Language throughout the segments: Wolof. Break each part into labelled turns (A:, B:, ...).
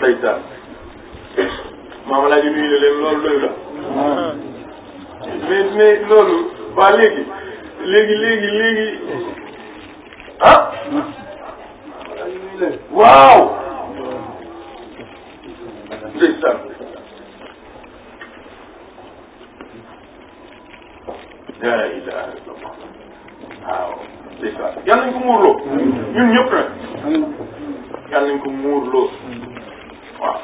A: ndeysaan maam laa ji nuyu na leen loolu doy la mais mais loolu waa léegi léegi léegi léegi ah waaw ndeysaan laa ilaha illallah waaw ndeysaan yàlla nañ ko waaw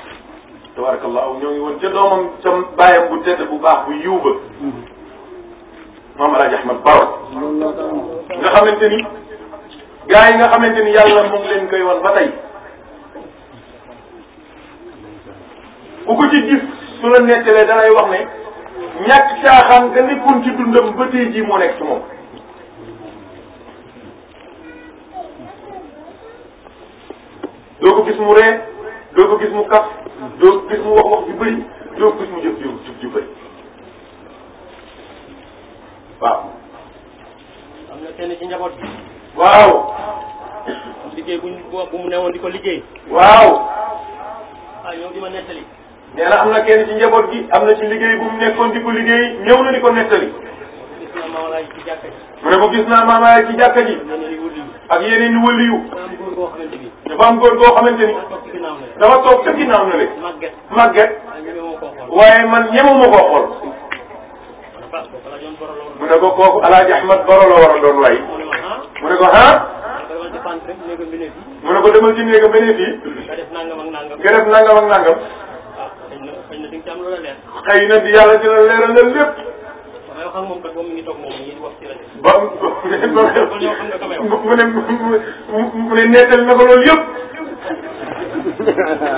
A: tabarakallahu ñoo ngi woon ca doomam ca bàyyam bu tedd bu baax bu yiw ba maam Alaaji Ahmad Baro nga xamante ni gars yi nga xamante ni yàlla mu ngi leen koy wan ba tey ku ko ci gis su la dalay wax ne ñàkk caaxaan nga nekkoon ci dundam ba tey jii moo nekk ci moom doo ko gis mu ree doo ko gis mu kaf doo ko gis mu wax wax ju bëri doo ko gis mu jëf ju jëf ju bëri waaw. am na kenn ci njaboot bi. waaw. liggéey bu bu mu newoon di ko liggéey. waaw. ah ñëw di ma nettali. nee na am na kenn ci njaboot gi am na ci liggéey bu mu nekkoon di ko liggéey ñëw na di ko nettali. mu ne ko gis naa maama laay ci jàkka ji ak yeneen i wëli yu dafa am góor goo xamante ni dafa toog ca ginnaaw na le màgget waaye man ñemuma koo xool mu ne ko kooku Alaaji Ahmad Baro la war a doon lay ah? mu ne ko
B: ah mu ne ko demal ci néegam beneen
A: fii nga def nangam
B: na di yàlla dina leeral lépp ak moom kat moom mi ngi toog moom ñu wax ci rajo. ba kon yow xam nga sama yow. mu ne mu
A: ne neetal na ko loolu yëpp.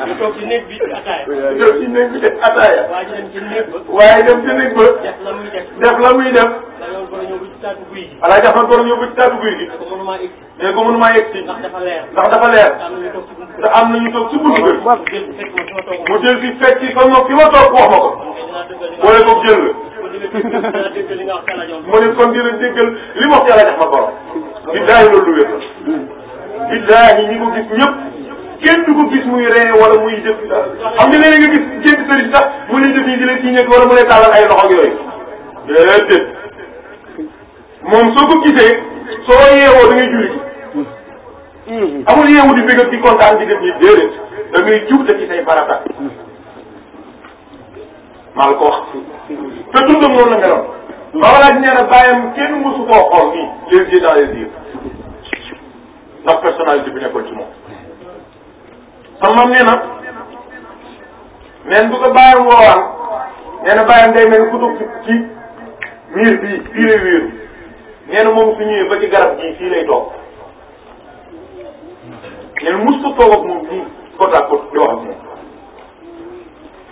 A: ñu toog ci néeg bi ataaya. ñu toog ci néeg bi def ataaya. waaye dem ci néeg ba. waaye dem ci néeg ba. def
B: la muy def. def la muy def.
A: dañoo war a ñëw ba ci taatu guy gi. voilà dafa war a ñëw ba ci taatu guy gi. ne ko mënumaa egg. ne ko mënumaa egg si. ndax dafa leer. ndax dafa leer. te am na ñu toog ci buntu bi. mu jël si fekk si fa ma fi ma toog wax ma ko. boole ko jël la. mu ne kon dina déggal li ma wax yàlla def ma borom. billaahi la. billaahi ñi ko gis ñëpp kenn du ko gis muy ree wala muy jëf xam nga léeg-léeg nga gis jéem sëriñ sax mu ne def nii di la ci nekk wala mu lay tàllal ay loxo yooyu. déedéet moom soo ko gisee soo yeewoo da ngay julli. amul yeewu di bégal di kontaan di def nii déedéet maa ngi ko wax. te dundam noonu la meloon. Mawla nee na bàyyam kenn mësu koo xool nii. les yeux dans les yeux ndax personnalité bi nekkoon ci moom. sama maam nee na. neen bu ko bàyyam woowaan. nee na bàyyam day mel ku dugg ci miir bii fii lay wéeru. nee na moom su ñëwee ba ci garab gii fii lay toog. nee na mës ko toog ak moom nii côte à côte di wax ak moom.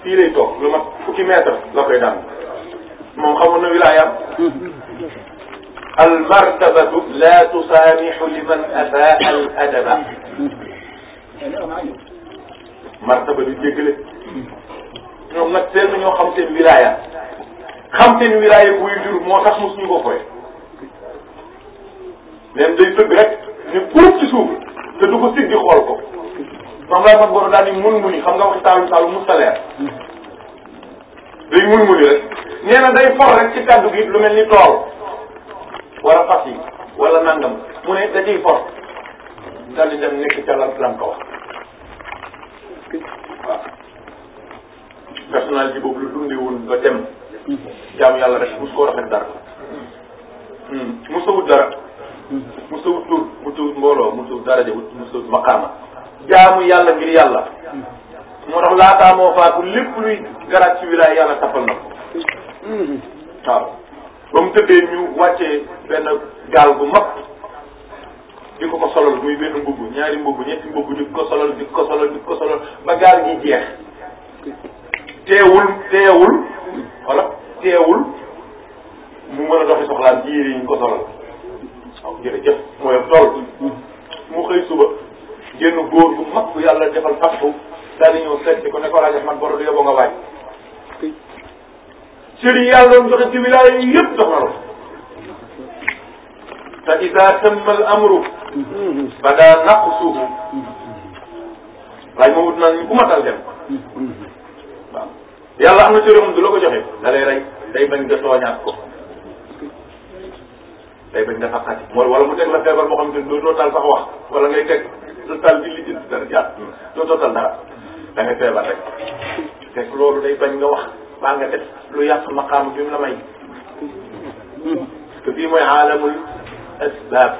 A: fii lay toog lu mat fukki mètre la koy daan moom xamoon na wilaayam al martabatu la tusaamihu liman asaa al adaba martaba di jéggale ñoom na ñoo xam seen xam seen wilaaya buy jur moo tax mosuñu ko fooy même day tëgg rek ni puub ci suuf te du ko sigg xool ko Mame Laye Fat Gora daal di mun muni xam nga wax Saalum Saalum mu salaire day mun muni rek nee na day for rek ci kaddu gi lu mel ni tool wala fas wala nangam mu ne da ciy for daal di dem nekk ca la lam ko wax waaw personnalité boobu lu dundee woon ba dem jaamu yàlla rek mos koo rafet dara hmm. mos a wut dara mos a wut tur mos a wut mbooloo mos a wut daraja mos a wut maqaama jaamu yàlla ngir yàlla moo tax laataa moo faatu lépp luy garaat ci wilaay yàlla tappal na ko
B: waaw ba mu tëddee ñu wàccee benn gaal gu mag
A: di ko ko solal muy benn mbubb ñaari mbubb ñetti mbubb di ko solal di ko solal di ko solal ba gaal gi jeex teewul teewul wala teewul mu mën a doxi soxlaam jiir yi ñu ko solal waaw jërëjëf mooy tool mu xëy suba génn góor bu mag bu yàlla defal fattu daal di ñëw seet ko ne ko rajo man borom yóbboo nga waaj. sëriñ yàlla doon joxe ci wilaaya yi yëpp jox na la. te ida tamma al amru. bada naqsuhu. waaye moom ut naa ni ku matal dem. waaw am na cër yoo xam ko joxe da lay rey day bañ ko. day bañ nga faqati wala mu teg la feebar boo xam ne dootoo taal sax wax total bi li jëm si dara jàpp total dara da ngay feebar rek fekk loolu day bañ nga wax baa nga def lu yàq maqaam bi mu may. parce que bii mooy aalamul asbab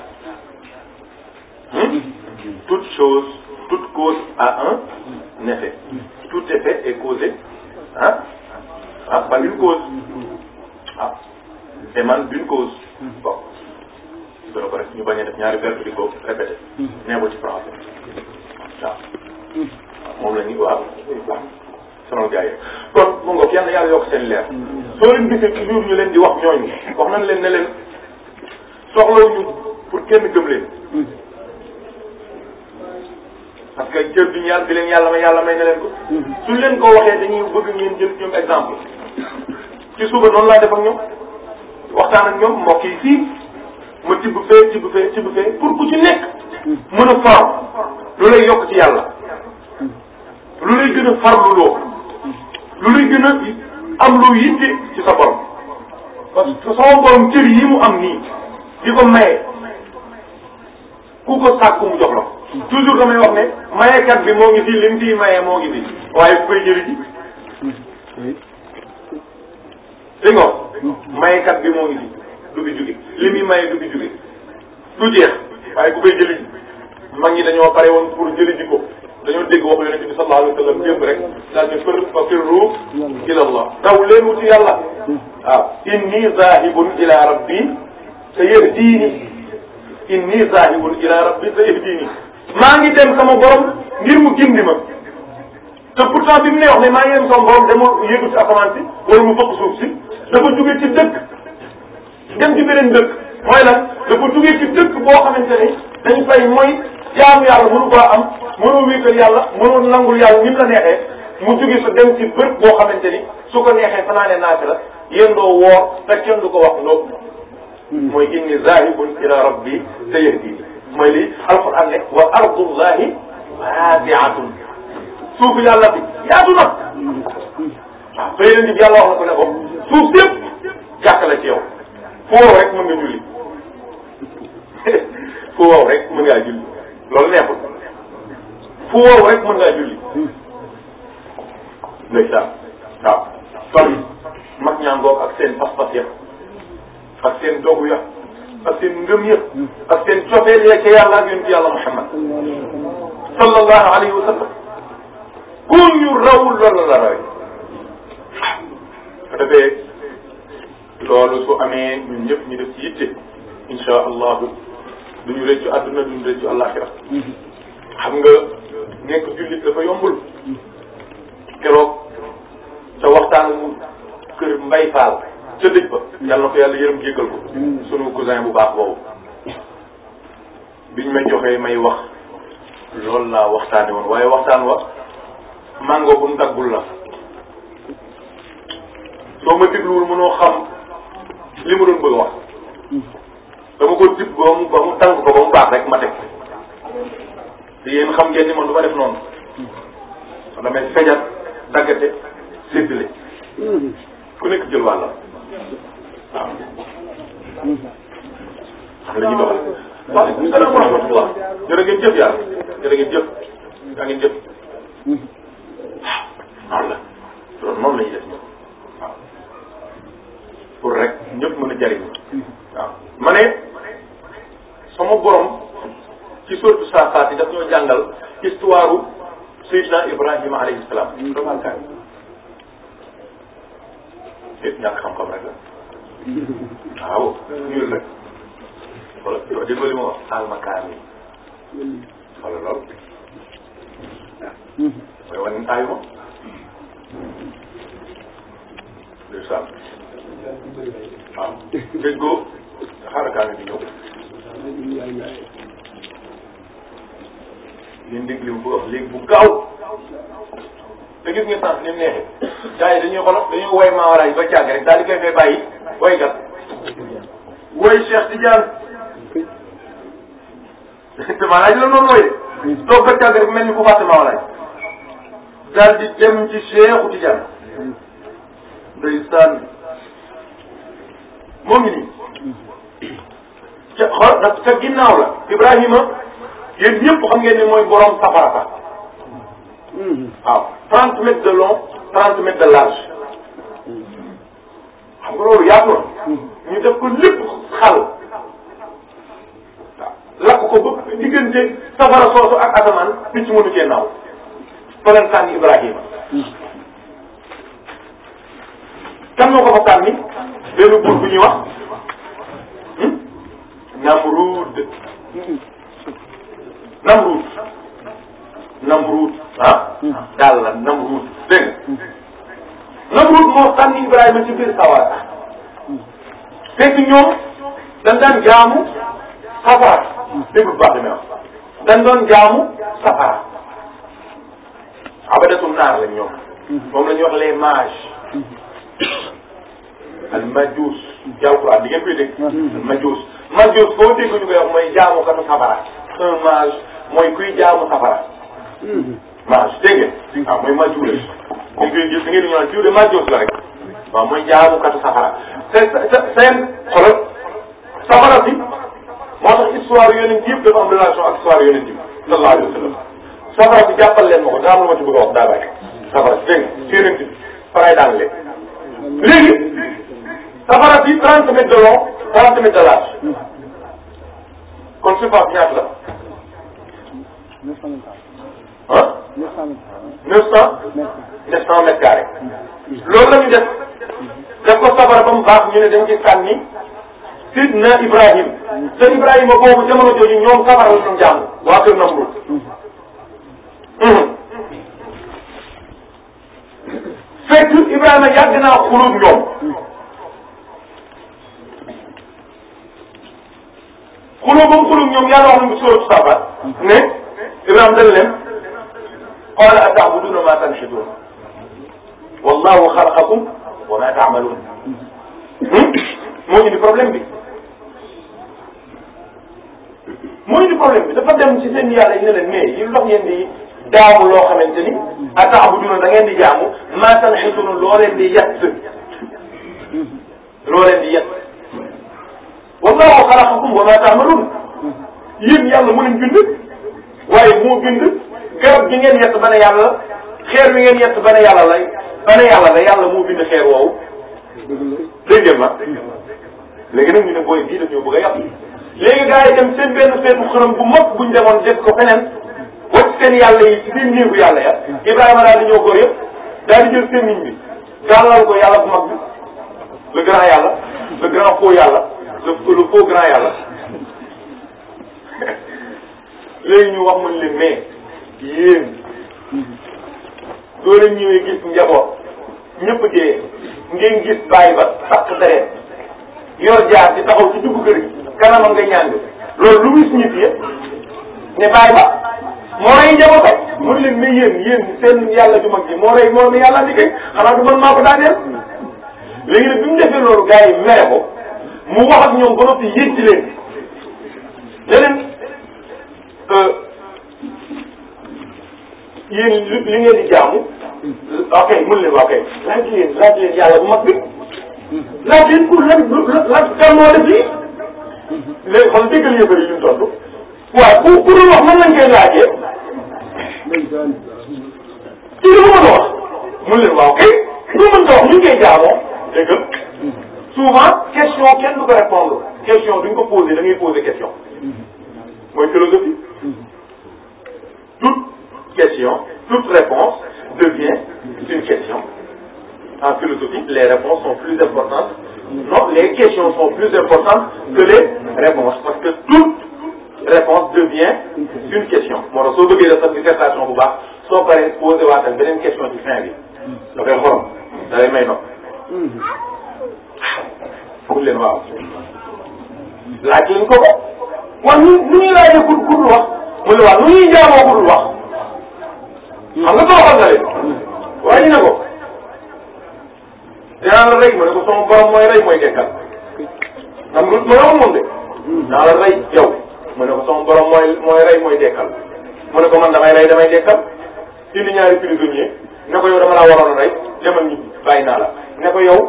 A: toute chose toute cause a un effet tout effet est causé ah ah par une cause ah émane d'une cause dana ko def ñu bañ a ñaari verbe di ko répété. nee ko ci moom la ñu waaw waaw sonal gars yi kon mu ngoog yàlla yàlla yokk seen leer. soo leen gisee toujours ñu leen di wax ñooñu wax nañ leen ne leen soxlawuñu pour kenn gëm leen. parce que cër bi ñaar bi leen yàlla may yàlla may na leen ko. suñ leen ko waxee dañuy bëgg ngeen jël ñoom exemple ci suba noonu laa def ak waxtaan ak ñoom mbokk yi ma tibb fee tibb fee tibb fee pour ku ci nekk mën a for lu lay ci yàlla lu lay gën a farlu loo lu lay gën a am loo yitte ci sa borom parce que sama borom cër yi mu am nii di ko maye ku ko sàkk mu jox la toujours damay wax ne mayekat bi moo ngi fi lim fii maye moo ngi fi waaye ku koy jëri ji dégg nga mayekat bi moo ngi fi du fi jóge li muy maye du fi jóge du jeex waaye ku koy jëli mag ñi dañoo pare woon pour jëli ji ko dañoo dégg waxu yonent bi sallallahu alayhi wa sallam démb rek daal di fër fa firru ila allah daw leen wuti yàlla waaw inni zahibun ila rabbi sa yahdini inni zahibun ila rabbi sa yahdini maa ngi dem sama borom ngir mu gindi ma te pourtant bi mu ne wax maa ngi dem sama borom demul yëgu ci asamaan si mu bokk suuf si dafa jóge ci dëkk dem ci beneen dëkk mooy lan dafa duggee ci dëkk boo xamante ne dañu fay mooy jaamu yàlla mënu koo am mënoo wéetal yàlla mënoo nangul yàlla ni mu la neexee mu jóge sa dem ci bërëb boo xamante ni su ko neexee fanaane naafi la yéen doo woor te kenn ko wax nopp mooy inni zaahibun ila rabbi sayahdi mooy li alquran ne wa ardullahi waasiatun bi yaatu na waaw soo leen di yàlla wax na ko ne ko suuf sépp jàkk ci yow fu wow rek mën nga julli fu wow rek mën ngaa julli loolu neexul fu wow rek mën ngaa julli ndeysaan waaw fan mag ñaangoog ak seen pas ya ak seen dogu ya ak seen ngëm ak seen cofeel ya ca yàlla ak yonent yàlla Muhammad sallallahu alayhi wa sallam ku ñu rawul loolu la rawee waaw loolu su amee ñun ñëpp ñu def ci yitte incha allahu duñu rëccu àdduna duñu rëccu àllaaxira xam nga nekk jullit dafa yombul keroog sa waxtaanu kër mbay faal ca ba yàlla na ko yàlla yërëm jéggal ko sunu cousin bu baax boobu biñ ma joxee may wax lool laa waxtaane woon waaye waxtaan wa mango bu mu daggul la soo ma dégluwul mënoo xam daal di dem ci Cheikh Tidiane ndeysaan moo ngi nii ca xool nag ca ginnaaw la Ibrahima yéen ñëpp xam ngeen ne mooy borom safara fa waaw trente mètres de long trente de large xam nga loolu yaatu na ñu def ko lépp xal waaw lakk ko ba diggante safara soosu ak asamaan picc mënu cee fa leen sànni Ibrahima kan moo ko fa sànni benn buur bu ñuy wax hmm? Namrud Namrud Namrud ah daal la Namrud dégg nga Namrud moo sànni Ibrahima ci biir sawar fekk ñoom dañ jaamu safara déglu baax na jaamu safara abadatul naar lañ ñoom mhm. moom la ñuy wax les mages mhm. al majus jawquran di ngeen koy dégg mhm. al majus majus boo dégg ñu koy wax mooy jaamu katu safara mooy kuy jaamu safara mage dégg ngeen ah, mooy majus dañ koy gis da ngeen di ñëwaat jiw la rek waaw mooy jaamu katu safara te seen xolal safara bi moo tax histoire yonent yëpp dafa am relation ak histoire yonent bi sallallahu alayhi wa sallam safara si jàppal leen ma ko daa ma ma ci bëgg a wax daa bëri safara si dégg nga séeréer bi faray daan léegi léegi safara si trente mètres de long trente mètres de large kon surface ñaata la ah neuf cent neuf cent mètres carrés loolu la ñu def def ko safara ba mu baax ñu ne dañ ci sànni sidna Ibrahim te Ibrahima boobu jamono jooju ñoom safara la ñu jàng waa kër Namrud fekk Ibrahima yàgg naa xulub ñoom xulub ba mu xulub ñoom yàlla wax nañu sóoratu Saafat ne Ibrahima dañ leen qaala ata'buduuna maa tanhituun wallaahu xalaqakum wa maa ta'maluun hmm? moo indi bi moo indi problème bi dafa dem ci seen yàlla yi ne leen mais yi ndox daamu loo xamante ni ata'buduna da ngeen di jaamu ma tanxituna loo leen di yett loo leen di yett wallahu xalaqakum wa ma ta'malun yéen yàlla mu leen bind waaye moo bind garab gi ngeen yett ba ne yàlla la xeer bi ngeen yett ba ne yàlla lay ba ne yàlla la yàlla moo bind xeer woowu dégg ngeen ma léegi nag ñu ne booy bii dañoo bëgg a yàpp léegi gars yi dem seen benn feetu xaram bu mag buñ demoon def ko feneen seen yàlla yi ci seen néegu yàlla ya Ibrahima daal di ñëw ko yëpp daal di jël seen bi gàllal ko yàlla bu mag bi le grand yàlla le grand faux yàlla le le faux grand yàlla léegi ñu wax mën leen mais yéen doo leen ñëwee gis njaboot ñëpp dee ngeen gis bàyyi ba sàq deret yor jaar ci taxaw ci dugg kër gi kanamam nga ñaan loolu lu muy signifié ne bàyyi ba moo rey njabootam mun leen mais yéen yéen seen yàlla ju mag ji moo rey moo mi yàlla andi kay xanaa du man maa ko daaneel léegi nag bi mu defee loolu gars yi ko mu wax ak ñoom ba noppi yéeg ci leen leneen euh, yéen li li ngeen di jaamu ok mun leen ok laaj leen laaj leen yàlla bu mag bi laaj leen pour lan lan lan moo def lii léegi waaw pour pour wax nan lañ koy laajee ci li mu mën a wax mu leen waaw kay li mu mën a wax ñu ngi koy jaamoo dégg nga souvent question kenn du ko répondre question duñ ko posé da ngay posé question non les questions sont plus importantes que les réponses parce que réponse devient une question moo tax soo bëggee def sax dissertation bu baax soo paree posé waatal beneen question ci fin bi da koy xorom da lay may nopp pour leen waaw laaj lañ ko ko wax nu nu ñuy laajee ku ku dul wax mu ne waaw nu ñuy jaamoo ku dul wax xam nga tooxal na leen waaye ñu ne ko dinaa la rey ma ne ko sama borom mooy rey mooy dekkal xam nga ma ne moom de dinaa la rey yow mu ne ko sama borom mooy mooy rey mooy dekkal mu ne ko man damay rey damay dekkal indi ñaari prisonnier ne ko yow dama laa waroon a rey demal nit ñi bàyyi naa la ko yow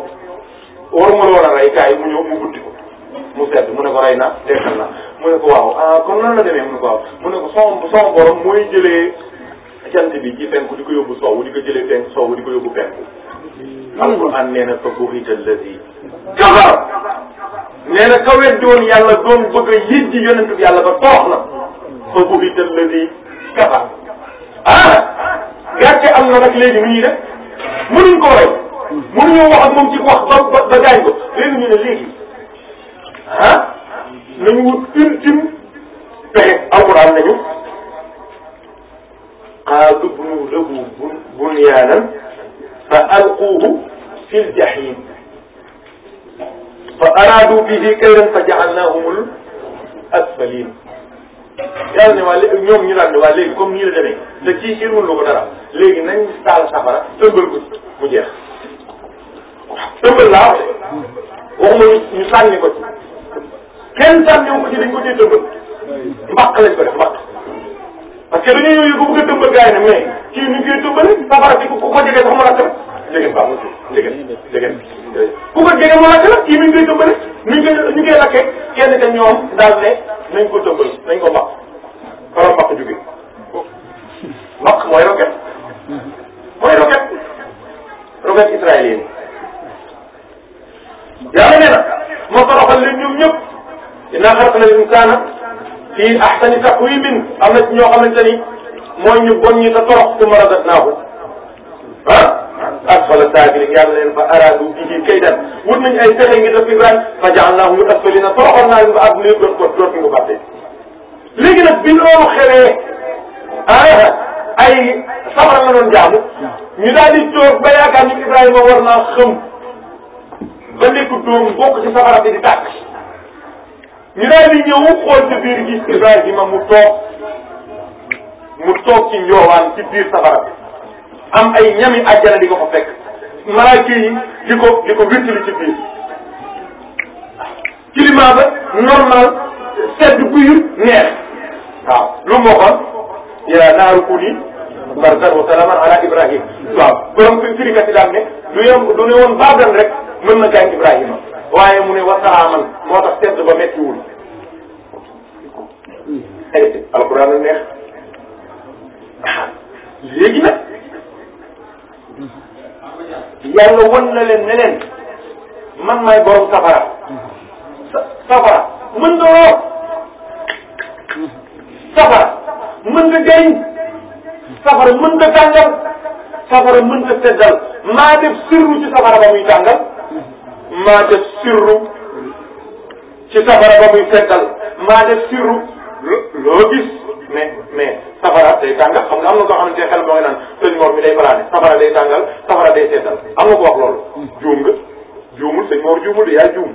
A: waruma la war a rey kaay mu ñëw mu ko mu sedd mu ne ko rey na dekkal na mu ne ko waaw ah kon nan la demee mu ne ko waaw mu ne ko sama sama borom mooy jëlee jant bi ci penku di ko yóbbu soowu di ko jëlee penku soowu di ko yóbbu penku alquran nee na fa buhita alladi kafar nee na ka weddi woon yàlla doon bëgg a yéjji yonentu bi yàlla ba toox na fa buhita alladi kafar ah gàcce am na nag léegi nu ñuy def mënuñ ko rey mënuñoo wax ak moom wax ba ba gaañ ko léegi ñu ne léegi ah nañu wut ultime pexe alquran nañu qaadu bnu lahu bunyaanan fa alquuhu fi ljahim fa araadu bihi kayran fa ja'alnaahumul asfaliin yàlla ne waa léegi ñoom ñu daan ne waa léegi comme nii la demee te kii xiirul lu ko dara léegi nañ taal safara tëmbal ko ci mu jeex waaw tëmbal laa waxuma ñu sànni ko ci kenn sànniwu ko ci dañ ko cee tëmbal mbaq lañ ko def mbaq parce que dañuy yooyu bu bëgg a tëmbal gars yi ne mais kii ñu koy tëmbale safara bi ku ko jege sax mën a tëm jege baaxul jege jege ku ko jege mu lakk la kii mi ngi koy tëmbale mi ngi koy ñu koy lakkee kenn te ñoom daal ne nañ ko tëmbal nañ ko mbaq wala mbaq jóge mbaq mooy roquette mooy roquette roquette israélienne yàlla nee na ma toroxal leen ñoom ñëpp dinaa xalaq na insaana fi ahsani taqwimin am na ci ñoo xamante ni mooy ñu bon ñi te torox su ma radat naa ko ah ak wala saakiri yàlla leen fa araadu bihi kaydan wut nañ ay pexe ngi def Ibrahima fa ja'alnaahum asfalina toroxoon naa leen ba àdduna yëpp doon ko doon ko fàtte léegi nag bi loolu xewee ah ay samara la doon jaamu ñu daal di toog ba yaakaar ni Ibrahima war naa ba nekk dóomu bokk ci safara bi di tàkk ñu daal di ñëw xool ci biir gis Ibrahima mu toog mu toog ci njoowaan ci biir safara am ay ñami àjjana di ko fa fekk malaaka yi di ko di ko wéttali ci biir climat ba normal sedd guy neex waaw lu moo xam yaa naaru kuuni bardan wa salaaman ala ibrahim waaw borom firikati daan ne du yem du ne woon baadan rek mën na gaañ ibrahima waaye mu ne wa salaaman moo tax sedd ba méttiwul alquran neex léegi nag yàlla wan na leen ne leen man maay borom safara safara mën nga woo safara mën nga jëriñ safara mën nga tàngal safara mën nga seddal maa def sirru ci safara ba muy tàngal maa def sirru ci safara ba muy seddal maa def sirru loo gis mais mais safara day tàngal xam nga am na koo xamante ne xel moo ngi naan sëñ Mor mi day balaane safara day tàngal safara day seddal am nga ko wax loolu. juum nga juumul sëñ Mor juumul de yaa juum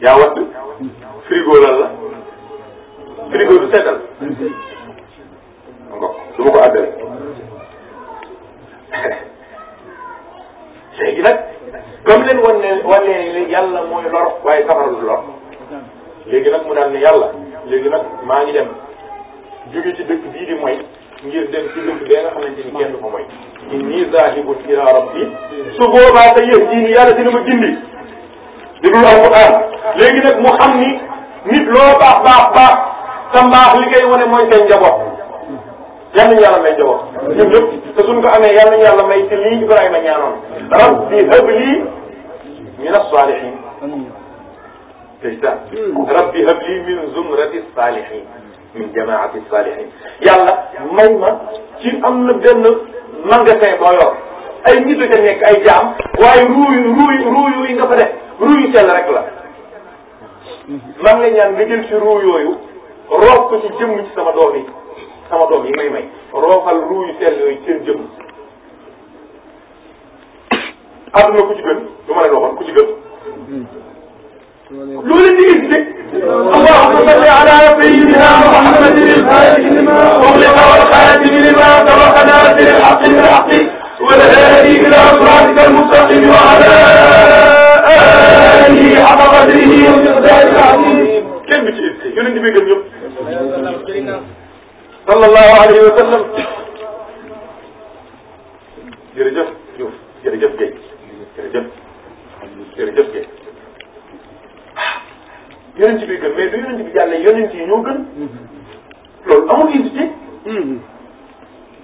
A: yaa wadd frigo lan la frigo du seddal. nga du ma ko àggale. léegi nag comme leen wan ne wan ne yàlla mooy lor waaye safara du lor léegi nag mu daal ne yàlla. léegi nag maa ngi dem jóge ci dëkk bii di mooy ngir dem ci dëkk bee nga xamante ni kenn du ko mooy inni zaahibun ila rabbi su boobaa te yëf diini yàlla dina ma gindi déglu alquran léegi nag mu xam ni nit loo baax baax baax sa mbaax li koy wane mooy seen njaboot yal nañu yàlla may njaboot ñun ñëpp te suñ ko amee yal nañu yàlla may te lii Ibrahima rabbi habli min as-salihin dégg nga rabbi habli min zumrati salihin min jamaati salihin yàlla may ma ci am na benn magasin boo yor ay nit a ca nekk ay jaam waaye ruuy ruuy ruuy yi nga fa def ruuy sell rek la man la ñaan nga jël ci ruu yooyu roof ko ci jëmm ci sama doom yi sama doom yi may may roofal ruu yu sell yooyu seen jëmm àdduna ku ci gën du ma leen waxoon ku ci gën mm. loolu la jigéen de. allahumma salli ala sayyidina muhammadin al-fatihi lima ughliqa wal khatimi lima sabaqa nasir al-haqqi bil haqqi wal hadi ila siratika al-mustaqim wa ala alihi haqqa qadrihi wa miqdarihi al-azim. kenn du ci yëkkati yonent bi gën ñëpp.
B: sallallahu alayhi wa sallam.
A: jërëjëf Diouf jërëjëf Guèye jërëjëf jërëjëf Guèye yonent bi gën mais du yonent bi yàlla yonent yi ñoo gën loolu amul hésité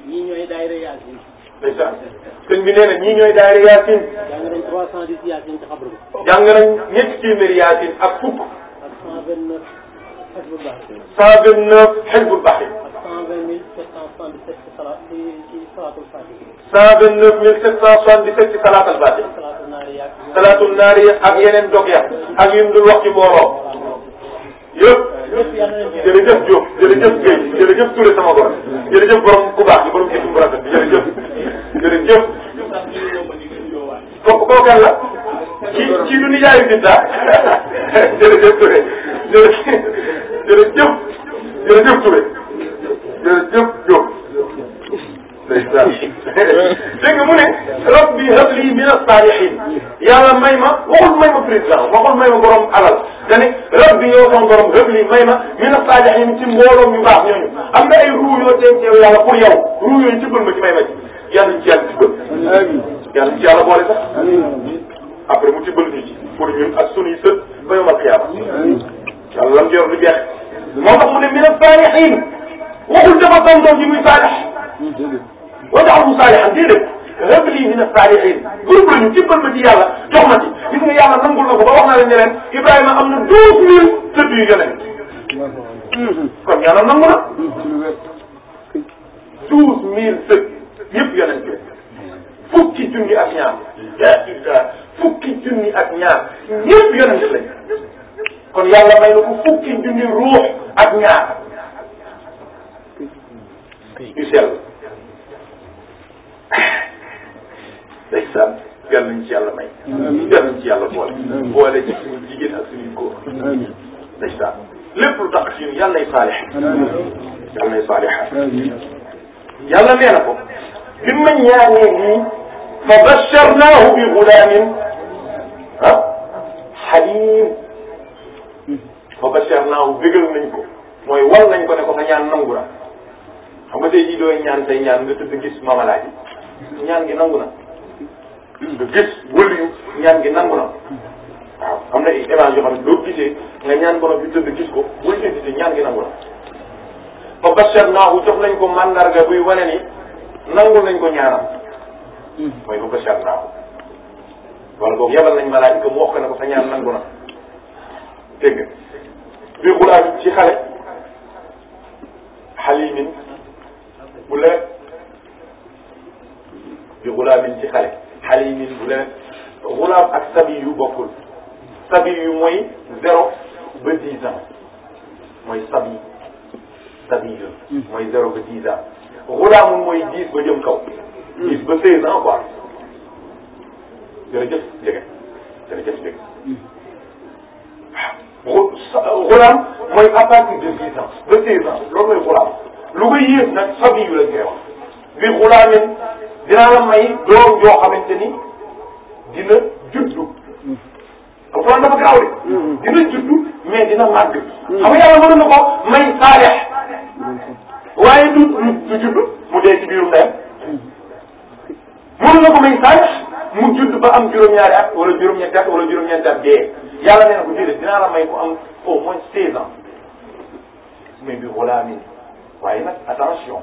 A: ñii ñooy daayira yaasin ndeysaan sëñ bi nee na ñii ñooy daayira yaasin jàng nañ trois cent dix yaasin ci xabru jàng nañ ñetti téeméeri yaasin ak fukk ak vingt neuf xisbul baax cent vingt neuf vingt mille sept cent soixante dix sept ci salaat ci salaatul fatiha cent ak yeneen dog ya ak yim dul wax ci mbooloo Diop jërëjëf Diop jërëjëf Guèye jërëjëf Touré sama borom jërëjëf borom ku baax bi borom gis bu rafet bi jërëjëf jërëjëf kooku kooku kan la ci ci du nijaayu nit ah jërëjëf Touré jërëjëf jërëjëf Touré jërëjëf Diop dégg nga mu ne rabbi habli min as-salihin yàlla may ma waxul may ma président waxul may ma alal dani rabbi yow sama borom habli min as-salihin ci mbooloom yu baax ñooñu am na ay ruu yoo denc yow yàlla pour yow ruu yooyu jubal ma ci may ma ci ci yàlla ci yàlla boole sax après mu tibbal ñu ci pour ñun ak sunuy sët ba yomal xiyaama yàlla lam yor lu jeex min as-salihin waxul dafa doon doon ji muy saalix waj'alhum saalihan déedéet rab lii mina saalihin groupe lañu jébbal ma ci yàlla jox ma ci gis nga yàlla nangul na ko ba wax na leen ne leen Ibrahima am na douze mille sët yu yonent kon yàlla nangu na douze mille sët yëpp yonent fukki junni ak ñaar fukki junni ak ñaar ñëpp yonent lañ kon yàlla may na fukki junni ruux ak ñaar day saan yal nañ ci yàlla may yal nañ ci yàlla boole boole ci suñu jigéen ak suñu góor day saan lépp lu tax ak ñun yàlla nay saalix yàlla nay saalix yàlla nee na ko bi ma ñaanee nii fa basharnaahu bi gulaamin ah xaliim fa basharnaahu bégal nañ ko mooy wal nañ ko ne ko sa ñaan nangu na xam nga tey jii dooy ñaan say ñaan nga tëdd gis mamalaaji ñaan gi nangu na gis wëliyu ñaan gi nangu na waaw am na ay évange yoo xam ne nga ñaan borom bi tëdd gis ko bul hésité ñaan gi nangu na fa bashsharnaahu jox nañ ko mandarga buy wane ni nangul nañ ko ñaanam hmm. mooy fa bashsharnaahu wala boobu yebal nañ malaayika mu wax ko ne ko sa ñaan nangu na dégg nga bii xulaam ci xale xalimin bi xulaamin ci xale xale yi min bu leneen xulaam ak sabi yu bokkul sabi yu mooy zéro ba dix ans mooy sabi sabi yu hmm. mooy zéro ba dix ans xulaamun mooy dix ba jëm kaw hmm. dix ba seize ans quoi jërëjëf jege jërëjëf jege waaw hmm. xulaam mooy à partir de dix ans ba seize ans loolu mooy xulaam lu koy yées nag sabi yu lañ koy wax bi xulaamin dinaa la may doom joo xamante ni dina juddu. alxuraan dafa gaaw de. dina juddu mais dina màgg. xam nga yàlla mënoon na ko may saalix waaye du du juddu mu dee ci biiru ndeyam. mënoon na ko may saalix mu judd ba am juróom-ñaari at wala juróom-ñetti at wala juróom-ñeenti at dee yàlla nee dinaa la may ko am au moins seize ans mais bi xulaamin waaye nag attention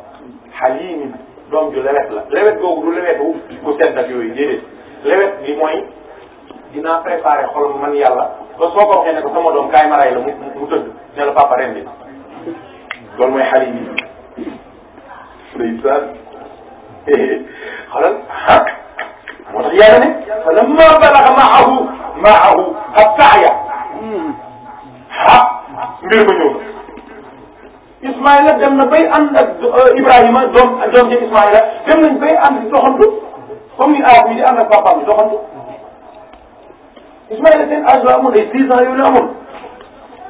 A: xalimin doom ju lewet la lewet googu du lewet wu ku sedd ak yooyu déedéet lewet gi mooy dinaa préparé xolam man yàlla ba ko waxee ne ko sama doom kaay ma ray la mu mu tëdd ne la papa ren bi loolu mooy xale yi ndeysaan xalal ah, moo tax yàlla ne falamma balaga maahu maahu ab saaya hmm. ah mbir ma ñëw na Ismaïla dem na bay ànd ak euh, Ibrahima doom doom ja Ismaïla dem nañ bay ànd di doxantu comme ni aar bi di ànd ak papaam di doxantu Ismaïla seen âge la amoon ay 6 ans yooyu la amoon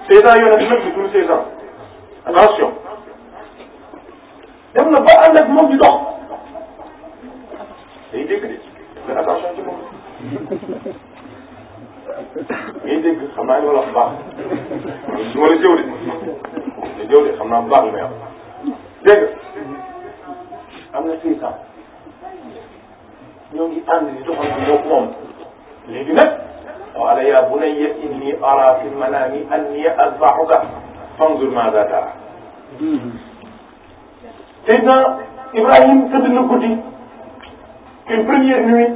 A: 16 ans yooyu nag dina tudd 16 ans attention dem na ba ànd ak moom di dox day dégg de mais attention ci moom ngay dégg xam naa li ma la wax baax du ma la jëw de. ne yow de xam naa bu am na six ans ñoo ngi ànd di doxal bi ñoo moom léegi nag qaala inni araa fi l-manaami anni azbahuka fanzur maadaa taraa Seydina Ibrahima tëdd na guddi une première nuit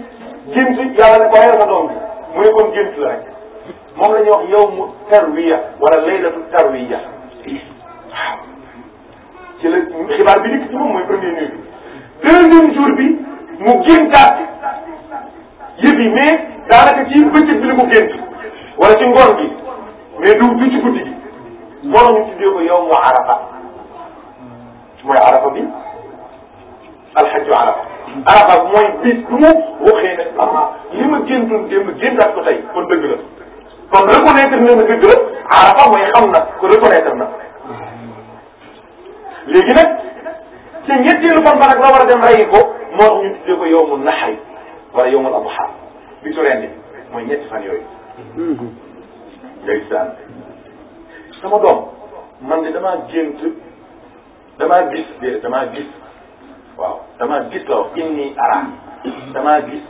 A: gént yàlla ne ko yar sa doom bi mu ne kon gént la rek moom la ñuy wax yow mu tarwiya wala laylatu tarwiya ci la xibaar bi njëkk ci moom mooy premier nuit bi deuxième jour bi mu géntaat yëf yi mais daanaka ci bëccëg bi la wala ci ngoon gi mais du du ci guddi gi borom ñu tuddee ko moo arafa mooy arafa bi alxaju arafa arafa mooy bis bu mu waxee ne ama li ma géntoon démb géntaat ko tey kon dëgg la kon reconnaître na nga dëgg la arafa mooy xam na ko reconnaître na léegi nag te ñetteelu fan ba nag la war a dem reyi ko moo a ñu tuddee ko yowmul naxari wala yowmul abuxa bi tu rendi mooy ñetti fan yooyu. ndeysaan sama doom man de damaa gént damaa gis de damaa gis waaw damaa gis la wax inni ara damaa gis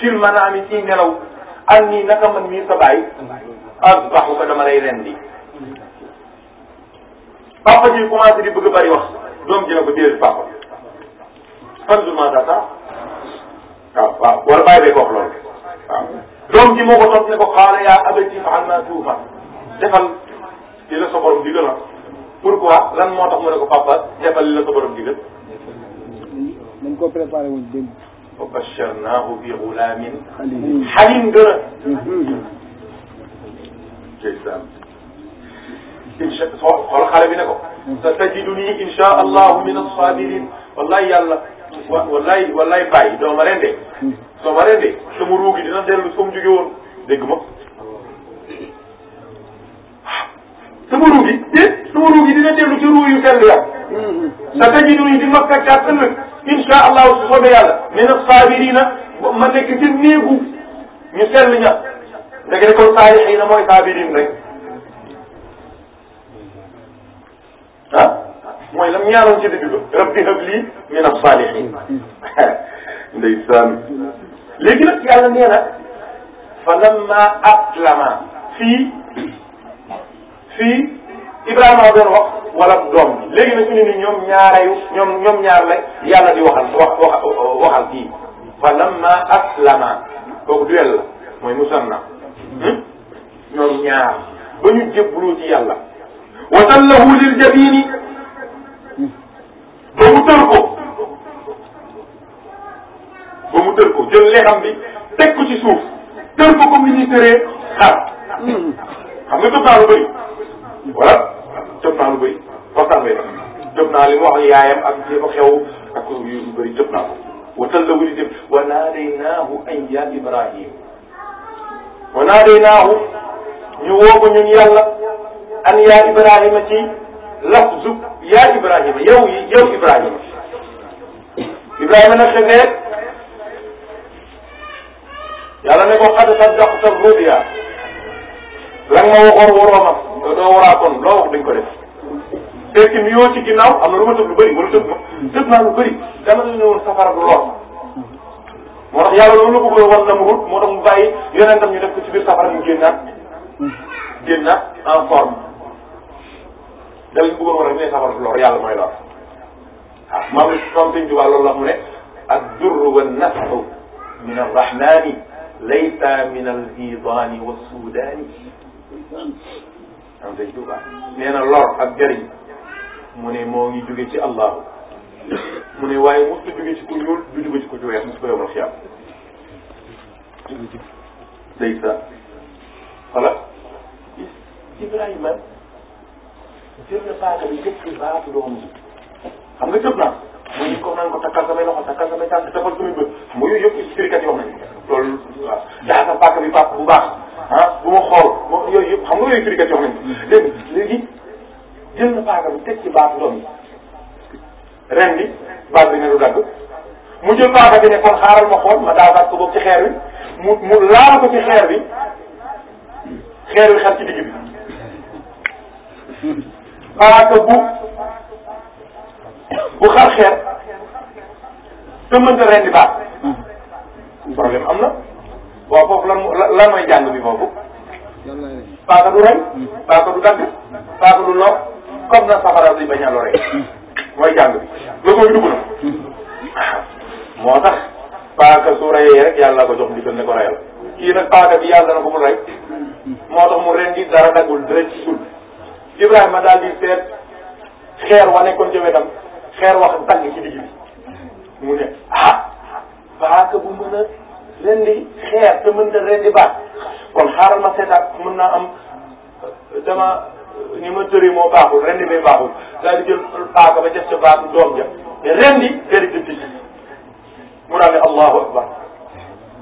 A: fil manaami ci nelaw anni naka man mii sa baay asbaxu ko dama lay rendi papa ji commencé di bëgg a bëri wax doom ji na ko déedéet papa fan du mandat sax waaw wala bàyyi bee ko wax loolu waaw doom ji moo ko toog ne ko xaala yaa abati fa anna tuufa defal li la sa borom digal na ah. pourquoi lan moo tax mu ko papa defal li la sa borom digal dañ ko préparé woon démb wa basharnaahu bi gulaamin xalim gën a mhm. incha xool xale bi ne ko. sa tajiduni incha allahu min as-sabirin wallaay yàlla wa wallaay wallaay bàyyi doo ma rendee. soo ma rendee sama ruugi dina dellu fa mu jóge woon dégg ma. sama ruugi déet sama ruugi dina dellu sell ya. sa tajiduni di ma fekkaat ëllëg incha allahu su soobee yàlla min as-sabirina ma nekk ci néegu ñu sell ña. léegi nag kon saalixiina mooy sabirin rek. ah mooy lam ñaanoon ci digg ba rabbi habli min as-salihin ndeysaan léegi nag yàlla nee na fa lamma aslama fii fii Ibrahima doon wax wala doom bi léegi nag indi ni ñoom ñaarayu ñoom ñoom ñaar la yàlla di waxal wax lama kii fa lamma aslama kooku duel la mooy musanna hmm? ñoom ñaar ba ñu jébbaloo ci yàlla wasallahu lil jabini ba mu tër ko ba mu tër ko jël leexam bi teg ko ci suuf tër ko comme ni ñuy tëree xar xam nga jot naa lu bëri voilà jot naa lu bëri waxtaan bay jot naa li mu wax yaayam ak jéem a xew ak ko yu bëri jot naa ko wasallahu lil jabini wa naadaynaahu an ya ibrahim wa naadaynaahu ñu woo ko ñun yàlla an yaa Ibrahima ci lafzu yaa Ibrahima yow yow Ibrahima Ibrahima nag da ngay yàlla ne ko xad saddaqta ruya la nga ma waxoon waroo ma doo waraakoon loo wax dañ ko def fekk mi yoo ci ginnaaw am na lu ma tëb lu bëri wala tëb ma tëb naa lu bëri dama la ne safara du lor moo tax yàlla loolu la bëggoon war na mu wut moo tax mu bàyyi yeneen tam ñu safara mu génnaat génnaat en dañu bëggoon wax rek ne safara du lor yàlla mooy lor waaw moom it comme suñ tubaab loolu la mu ne ak durru wa nafau min arrahmani laysa min alvidani wa suudani am suñ tubaab nee na lor ak jëriñ mu ne moo ngi jóge ci allahu mu ne waaye mos ko jóge ci ku ñuul du jóge ci ku ci weex mos ko yomal xiyam laysa voilà Ibrahima jël na paaka bi jëpp ci baatu doom bi xam nga jëpp naa mu ñu ko naan ko takkal samay loxo takkal samay tànk takkal samay bët mu yooyu yëpp expliqué wax nañu loolu waaw jaaxal paaka bi paaka bu baax ah bu ma xool moom yooyu yëpp xam nga yooyu expliqué wax nañu léegi léegi jël na paaka bi teg ci baatu doom bi ren bi baat bi ne du dagg mu jël paaka bi ne kon xaaral ma xool ma daawaat ko boog ci xeer bi mu mu laal ko ci xeer bi xeer bi xar ci digg bi paaka bu bu xar xeer te mënta rendi baax hmm. problème am na waaw foofu la lan mooy jàng bi foofu paaka du rey paaka du dagg paaka du noor comme na safara bi bañ a loree mooy jàng bi loolu mooy dugg na hmm. moo tax paaka su reyee rek yàlla ko jox ndigal ne ko reyal kii nag paaka bi yàlla na ko mu rey hmm. moo tax mu rendi dara daggul dara ci Ibrahima daal di seet xeer wa nekkoon ca wetam xeer wax dagg ci digg bi mu ne ah baaka bu mën a rendi xeer te mën na rendi baax kon xaaral ma seetaat mën naa am dama ni ma tëri moo baaxul rendi bay baaxul daal di jël paaka ba def ca baatu doom ja rendi deri dëppi mu daal ne allahu akbar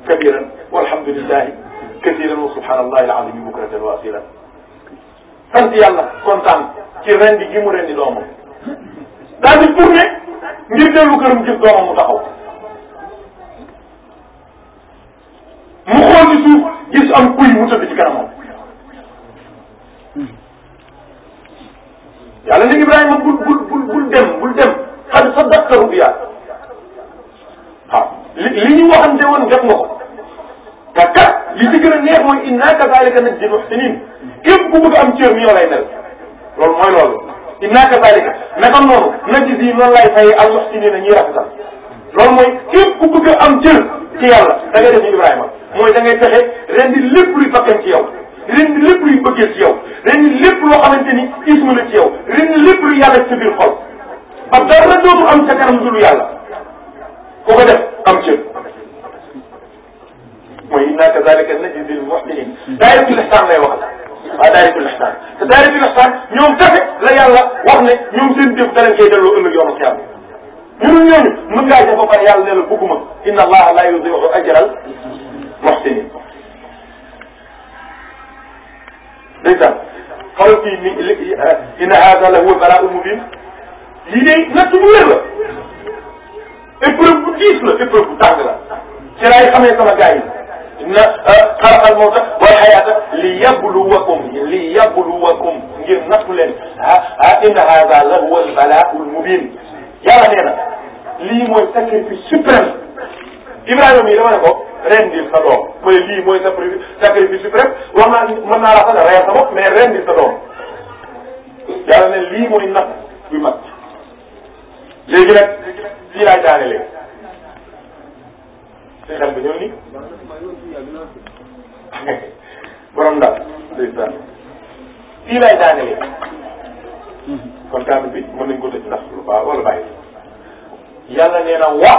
A: kabiran walhamdulillahi kasiran wa subhanallahi alazim bukratan wa asilan sant yàlla kontaan ci rendi gi mu rendi doomam daal di tourné ngir dellu këram gis doomam mu taxaw
B: mu xool ci suuf
A: gis am kuy mu tëdd ci kanamam yàlla ne Ibrahima bul bul bul bul dem bul dem xad saddaqta rubiya waaw li li ñu waxante woon def nga ko te li di gën a neex mooy inna kazalika najzil muhsinin képp ku bëgg am cër mi yow lay mel loolu mooy loolu inna kazalika naka noonu najzi noonu lay fay al muhsinin ñuy rafetal loolu mooy képp ku bëgg am cër ci yàlla da ngay def ni Ibrahima mooy da ngay fexe ren di lépp luy bakkan ci yow ren di lépp luy bëggee ci yow ren di lépp loo xamante ni ismu la ci yow ren di lépp lu yàlla ci biir xol ba dara dootu am sa kanam du lu yàlla koo def mooy inna kazalika najzil muhsinin daayiratul ihsan lay wax waaw daayiratul ihsan te daayiratul ihsan la wax ne ñoom seen jëf danañ koy delloo ëllëg yoonu xiyam ñun ñooñu mën la bëgguma inna allaha la yudiu ajral muhsinin ndeysaan xoolal kii ni li inna hada la huwa balaa mubin lii day natt bu wér la épreuve bu diis la épreuve bu tàng la ci sama gars na xalaqal mawta wal xayaata li yabluwakum li yabluwakum ngir nattu leen ah inna la huwa al balaaul mubin yàlla nee na lii mooy sacrifice suprême Ibrahima mii dama ne ko rendil sa doom mooy lii mooy sacrifice suprême wax naa mën naa la sax reyal sa bopp mais rendil sa doom yàlla ne lii mooy natt bi mag léegi nag fii laay daane léegi xel bi ñëw ni borom daal ndeysaan fii lay daanelee kon kàddu bi mën nañ ko tëj ndax lu baax wala bàyyi yàlla nee na wa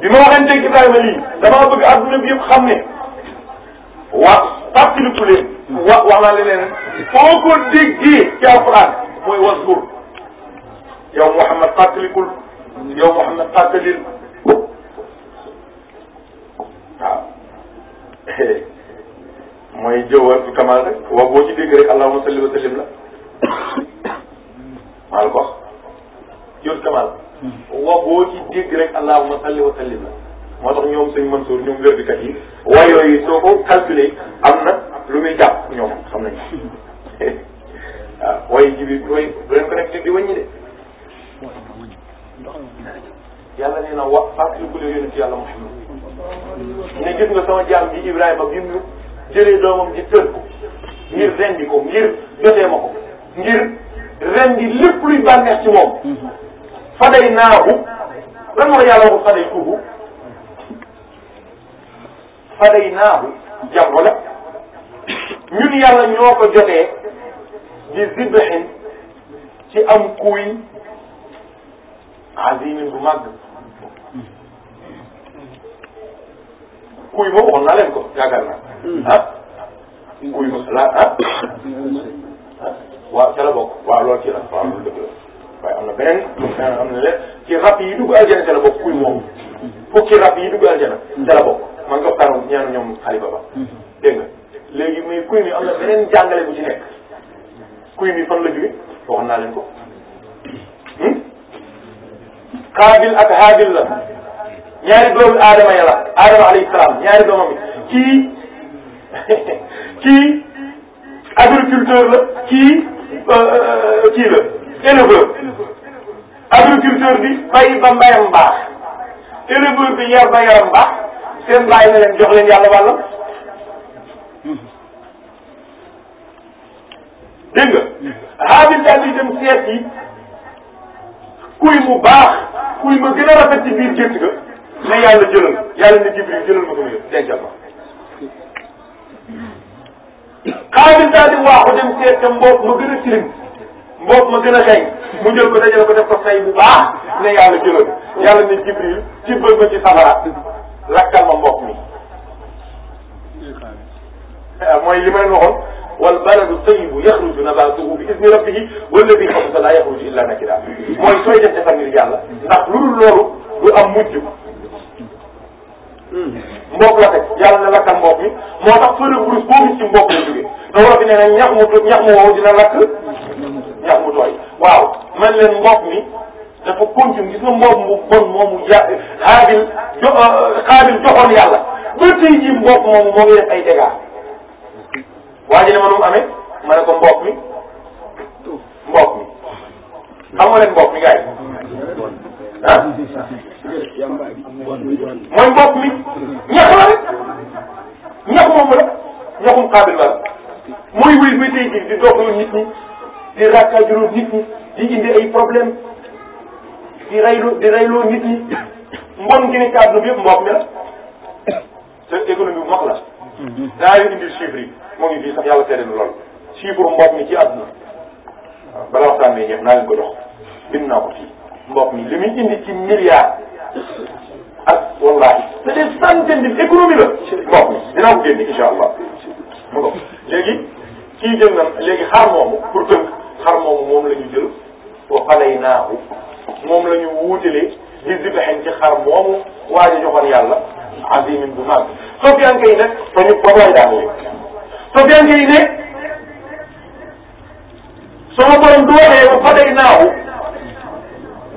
A: bi ma waxanteeg Ibrahima lii damaa bëgg adduna bi yëpp xam ne wax fàttaliku leen wax wax naa leneen foo ko déggee ci alquran mooy wasgur yow Mouhamed fàttalikul yow Mouhamed fàttalil waaw mooy jëwaatu kamal rek waaw boo ci dégg rek allahumma salli wa sallim la maa la ko hmm. wax jëwaatu kamal waaw boo ci dégg rek allahumma salli wa la moo tax ñoom sëñ Mansour ñoom wérdikat yi waaye yooyu soo ko calculé am na lu muy jàpp ñoom xam nañu waaw waaye ji bi way bu leen ko nekk di wàññi de yàlla nee na wa fàttaliku leen yonent yàlla Muhammad ne gis nga sama jaam ji Ibrahima bi mu jëlee doomam ji tër ko ngir rendi ko ngir jotee ma ko ngir rendi lépp luy bànneex ci moom. faday naahu lan moo yàlla waxul faday tuubu faday naahu jàmm la ñun yàlla ñoo ko jotee
B: di zibhin
A: ci am kuy azimin bu màgg. nguy ma waxoon naa leen ko yaakaar naa ah nguy ma la ah waaw ca la bokk waaw loolu ci la waaw loolu dëgg la waaye am na beneen am na leen ci rab yi dugg aljana ca la bokk kuy moom fukki rab yi dugg aljana ca la bokk maa ngi ko taaru ñaanu ñoom xalifa ba dégg nga léegi mais kuy na beneen jàngale bu ci nekk kuy mi fan la jóge ko la ñaari doomi aadama ya la aadama alayhi salaam ñaari doomam kii kii agriculteur la kii euh, euh, kii la éleveur agriculteur bi bay ba mbayam baax éleveur bi yar ba yaram baax seen bàyyi na leen jox leen yàlla wàllam dégg nga Haabil daal di dem seet yi kuy mu baax kuy ma gën a rafet ci biir gétt ga li yàlla jëlal yàlla ni Jibril jëlal ma ko mu yëpp dencal ma xaalis daal di waaxu dem seet te mboot ma gën a tilim mboot ma gën a xëy mu jël ko dajale ko ko say bu baax ne yàlla jëlal yàlla ni Jibril ci bëgg ma ci safara lakkal ma mboot mi
B: eh,
A: mooy li ma leen waxoon wal baladu tayibu yaxruju nabatuhu bi izni rabbihi walladi xabusa laa yaxruju illa nakida mooy sooy def defar ngir yàlla ndax lu dul loolu du am mboq la teg yàlla na lakkal mboq mi moo tax fële bu rus boo gis ci mboq la jógee loolu la fi nee nag ñax mu ñax mu wow dina lakk ñax mu tooy waaw man leen mboq mi dafa continué gis nga mboq mu bon moomu ja xaabil jo euh, xaabil joxoon yàlla ba tey jii mboq moomu moo ngi def ay dégâts waa ji ne ma nu mu amee ma ne ko mboq mi mboq mi xam nga leen mboq mi gars yi ah. mooy mboq mi ñax la rek ñax moomu la ñaxum xaabil la mooy wéy wéy tey jii di doxal nit ñi di rakkajuloo nit ñi di indi ay problème di reyloo di reyloo nit ñi mbon gi ne kàddu bi yëpp mboq mi la te économie bu mag la. daa leen indil chiffres yi moo ngi fii sax yàlla seede na lool chiffre mboq mi ci àdduna waaw bala waxtaan bi ñëpp naa leen ko jox bind naa ko fii mboq mi li muy indi ci milliards. ak ah, wallaahi c'est des centaines d'économie la mbokk mi dinaa ko génne incha allah bon léegi kii jël xar moomu pour tënk xar moomu moom la ñu jël wa qadaynaahu moom la ñu wuutalee di zibxin ci xar moomu waaj a joxoon yàlla azimin bu mag sofiyanke yi nag dañu problème daal léegi sofiyanke yi ne sama borom du waxee wa qadaynaahu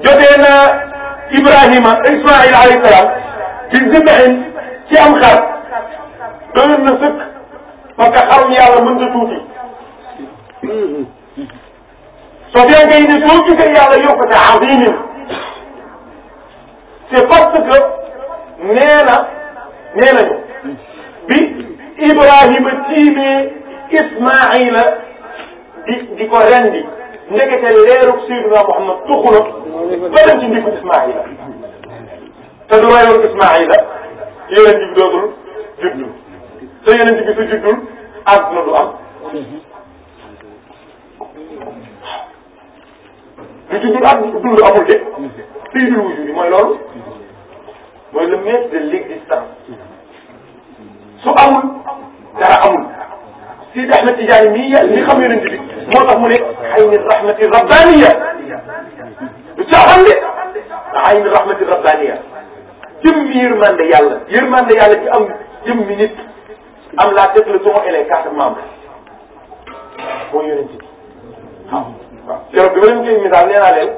A: jotee na Ibrahima Ismaïl alayhi salaam ci zëbaxin ci am xar doyoon na sëkk parce que xarum yàlla mën na tuuti. soo dee ngay ne soo gisee yàlla yokk te azimin c'est parce que nee na nee nañu bi Ibrahima tiimee Ismaïla di di ko rendi ndekete leerug Seydina Muhammad tuxu na ba dem ci ndiggu Ismaila te du rayoon Ismaila yonent bi doogul juddu te yonent bi su juddul àdduna du am lu juddul ak dund amul de sayyidul wujudi mooy loolu mooy le maître de l'existence su amul dara amul Sidi Ahmed Tidiane mii li xam yonent bi moo mu ne ayni rahmati rabbaniya du caaxaan ci am jëm mi am la tête le tronc et les quatre membres mooy yonent bi waaw waaw keroog bi ma leen koy misaal nee naa leen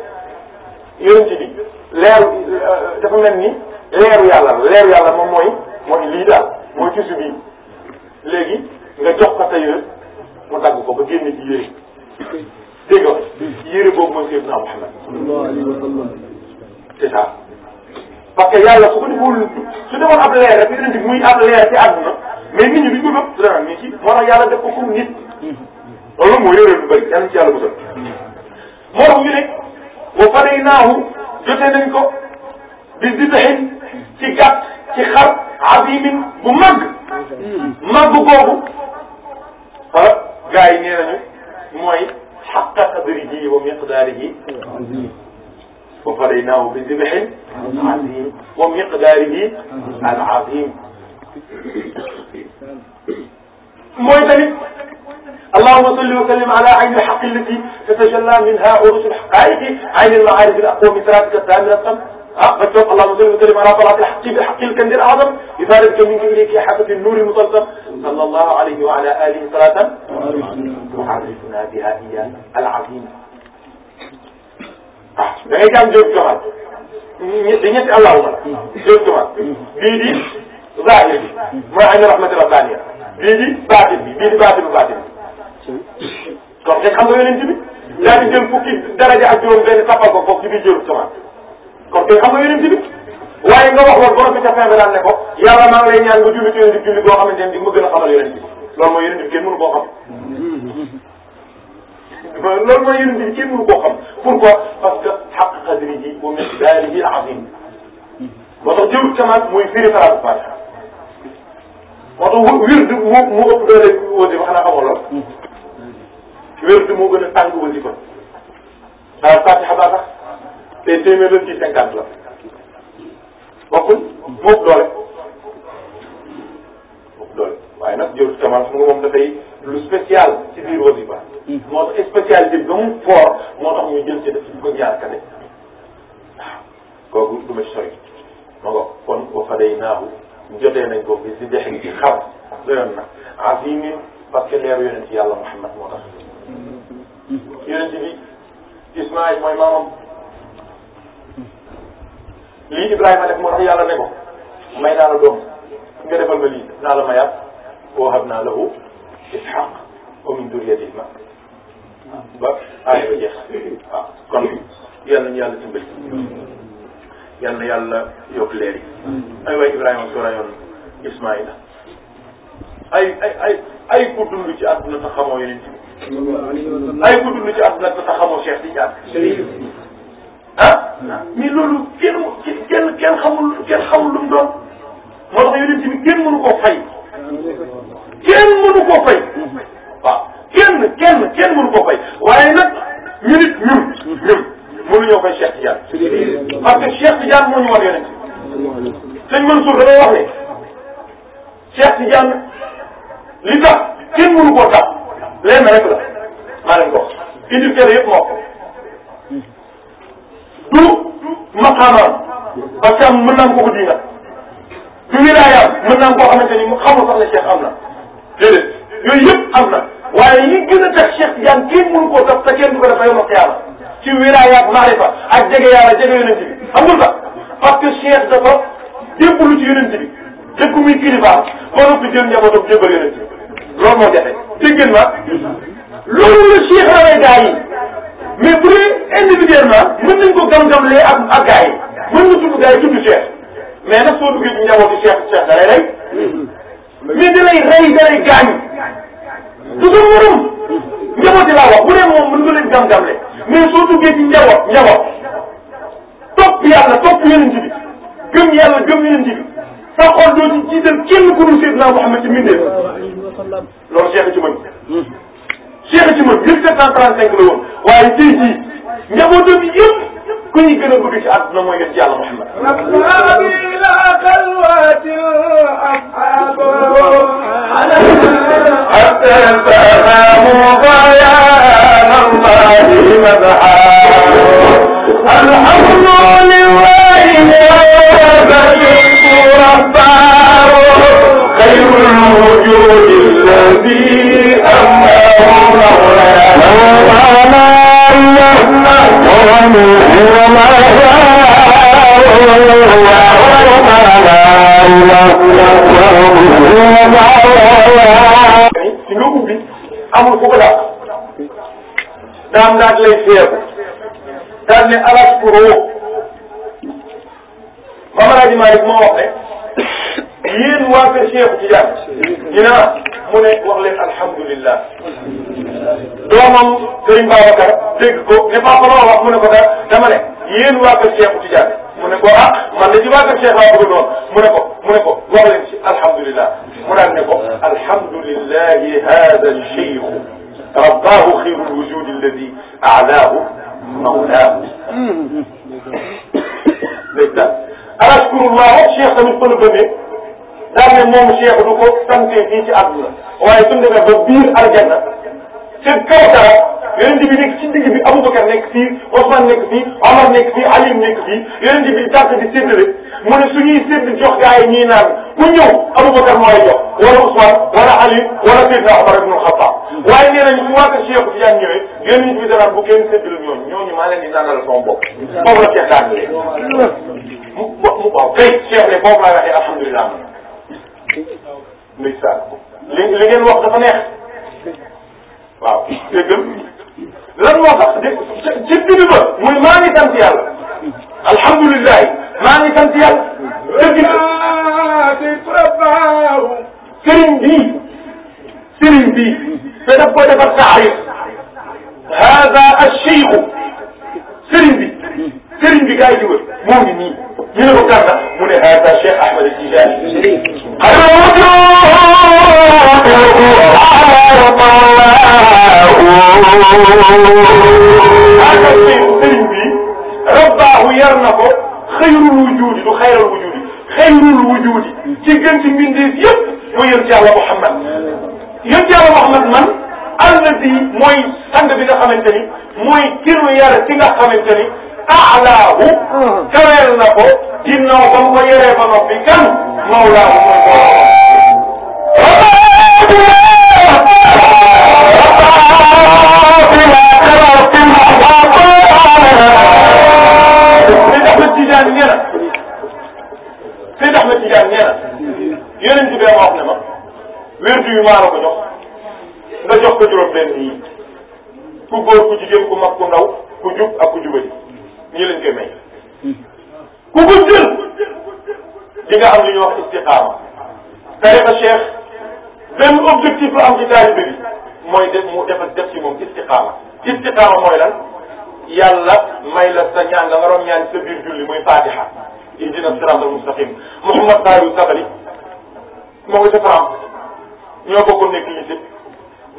A: yonent bi leeru dafa mel ni leeru yàlla nga jox ko sa yére mu dagg ko ba génne ci yére dégg nga yére boobu mooy Seydina Muhammad sallallahu alayhi wa sallam c'est ça parce que yàlla su ko deful su defoon ab leer rek yonent bi muy ab leer ci àdduna mais nit ñi duñ ko gëm dana nit ci moo tax yàlla def ko comme nit loolu moo yore lu bëri yàlla ci yàlla musal moo tax ñu ne wa fadaynaahu jotee nañ ko bi dibhin ci gàtt ci xar azimin bu màgg màgg mm-hmm. boobu xoolal gars yi nee nañu mooy xaqa qadrihi wa miqdaarihi wa fadaynaahu bi dibhin azim wa miqdaarihi al azim mooy tamit allahuma salli wa sallim ala ayni lxaqi allati tatajalla minha urusu lxaqaiqi ayni almaarif al aqwa min siratika daamina ah nga toog allahumma salli wa sallim ala talaati lxaqi bi xaqi lkandi l-azam idaa radta min kibriki xasati nuuri mutalsam sallallahu alayhi wa ala alihi salatan tuarifuna biha iya al-azim ah da ngay jàng jóob joxaat ñetti ñetti allahuma la jóob joxaat bii di zahir bi mooy ayna rahmati rabbaniya bii di baatin bi bii di baatinu baatin bi kon xam nga yonent bi daa di jël fukki daraja ak juróom benn sàppal ko foofu ci biir jóob joxaat kon tey xam nga yonent bi waaye nga wax loolu borom bi ca fin ba daan ne ko yàlla maa ngi lay ñaan nga julli ci yonent julli boo xamante ne di ma gën a xamal yonent bi loolu mooy yonent bi kenn mënu koo xam loolu mooy yonent bi kenn mënu koo xam pourquoi parce que xaq xadri ji wa miqdaarihi al azim moo tax jëlu kamaat mooy firi salaatul fatiha moo tax wird moo moo ëpp doole wasifa xanaa xamoo lool mm-hmm. wird moo gën a tàng wasifa salaatul fatiha baa sax te téeméer la ci cinquante la bokkul moom doole moom doole waaye nag jël semence mu nga moom dafay lu spécial ci biir wasifa moo tax spécialité ba mu fort moo tax ñu jël ci def ñu ko ñaar kane waaw kooku du ma ci sori ma nga kon wa fadaynaahu jotee nañ ko bi si dex gi xar doyoon na azimin leer yonent yàlla Muhammad moo tax
B: mm-hmm.
A: yonent bi Ismaïl mooy maamam lii Ibrahima def moo tax yàlla ne ko may naa la doom nga defal ma lii naa la mayaat wahabna lahu ishaq wa min duriyati ma ba aaya ba jeex kon yal nañu yàlla dimbali yal na yàlla yokk leer yi ay waay Ibrahima soo rayoon Ismaïla ay ay ay ay ku dund ci àdduna te xamoo yeneen ci ay ku dund ci àdduna te xamoo di jaar ah mais loolu kenn kenn kenn xamul kenn xamul lu mu doon moo tax yonent bi kenn mënu koo fay kenn mënu koo fay waaw kenn kenn kenn mënu koo fay waaye nag ñu nit ñun ñun mënuñoo koy Cheikh Tidiane parce que Cheikh Tidiane moo ñu war yonent bi sëñ Mansour damay wax ne Cheikh Tidiane li ko indi kenn yëpp moo ko du maqaamaam parce que mën naa ko ko diina bi wilaayaam mën naa koo xamante ni mu xamul sax ne cheikh am na déedéet yooyu yëpp am na waaye yi gën a tax cheikh jaan kenn mënu koo def te kenn du ko def yawmal qiyaama ci wilaayaat maarifa ak jege yàlla jege yonent bi xamul sax parce que cheikh dafa jébbalu ci yonent bi dëkk muy kilifaam ba noppi jël njabootam jébbal yonent bi loolu moo jafe dégg ngeen ma loolu la cheikh rawee gaa yi mais bu dee individuellement mën nañ ko gam-gamlee ak ak gars yi mën nga tudd gars yi tudd Cheikh mais nag soo duggee ci njabootu Cheikh Cheikh da lay rey mais da lay rey da lay gaañ du sa morom njabooti laa wax bu dee moom mën nga leen gam-gamle mais soo duggee ci njaboot njaboot topp yàlla topp yonent bi gëm yàlla gëm yonent bi sa xol doo ci jiital kenn ku dul Seydina Mouhamed ci mbindeef loolu Cheikh ci mën Cheikh ci mën 1735 la woon waaye tey jii njabootam yëpp ku ñu gën a bëgg ci àdduna mooy yonent yàlla Muhammad.
B: خير الوجود
A: الذي أمر amul ku ko daal daam naaj lay seeku daal ne alaaj pour woo Mamadou Malick moo wax ne yéen waa kër Cheikh Tidiane ñu ne mu ne wax leen alhamdulilah doomam Serigne Babacar dégg ko ne papa loo wax mu ne ko da dama ne yéen waa kër Cheikh Tidiane mu ne ko ah man de ci waa kër Cheikh laa bëgg noonu mu ne ko mu ne ko wax leen ci alhamdulilah mu daal ne ko alhamdulilahi hada alcheikhu rabbaahu xiru lwujudi alladi alaahu mawlaahu dégg nga alhamdulilah Cheikh tamit daal ne moom Cheikh du ko sante fii ci àdduna waaye suñ demee ba biir aljanna te kaw dara yonent bi nekk digg bi Aboubacar nekk fii Ousmane nekk fii Omar nekk fii Ali nekk fii yonent bi tàkk di séddale mu ne suñuy sédd jox gaa yi ñuy naan ku ñëw Aboubacar mooy jox wala Ousmane wala Ali wala Seydina Omar ibn Khattab waaye nee nañ fu waata Cheikh Tidiane ñëwee yonent bi danaan bu kenn séddale ñooñu ñooñu maa leen di naanal sama bopp foofu la Cheikh daan mu mu waaw kay ndeysaan li li ngeen wax dafa neex waaw dégg lan moo tax dé ci digg ba muy maa ngi sant yàlla alhamdulilah maa ngi sant yàlla dëgg sëriñ bii sëriñ te daf koy defar taarif hada acheikhu sëriñ bi sëriñ bi gaa yi moo ngi nii ñu ne ko mu ne hada cheikh Ahmed Tijani maanaam tey sëriñ bi rabbaahu yar na ko xayrul wujuudi du xayral wujuudi xayrul wujuudi ci gën ci mbindeef yëpp mooy yonent Yàlla Muhammad yonent Yàlla Muhammad man alladi mooy sang bi nga xamante ni mooy ki nu yar ki nga xamante ni alaahu hmm. kaweel na ko ginnaaw ba mu ko yoree ba noppi kan mawlaahu mooy Seydi Ahmed Tidiane nee na yeneen ci bee ma wax ne ma wérdu yu maa la ko jox nga jox ko juróom benn yi ku góor ku jigéen ku mag ku ndaw ku ñii lañ koy may ku ko jël di nga am li ñuy wax istiqaama tariqa cheikh benn objectif la am ci taalibe mooy def mu defal def ci moom istiqaama istiqaama mooy lan yàlla may la sa ñaan la nga doon sa biir julli muy fatiha ihdina sirat al mustaqim Mouhamad Baari Sabali moo nga ca France ñoo bokkoon nekk lycée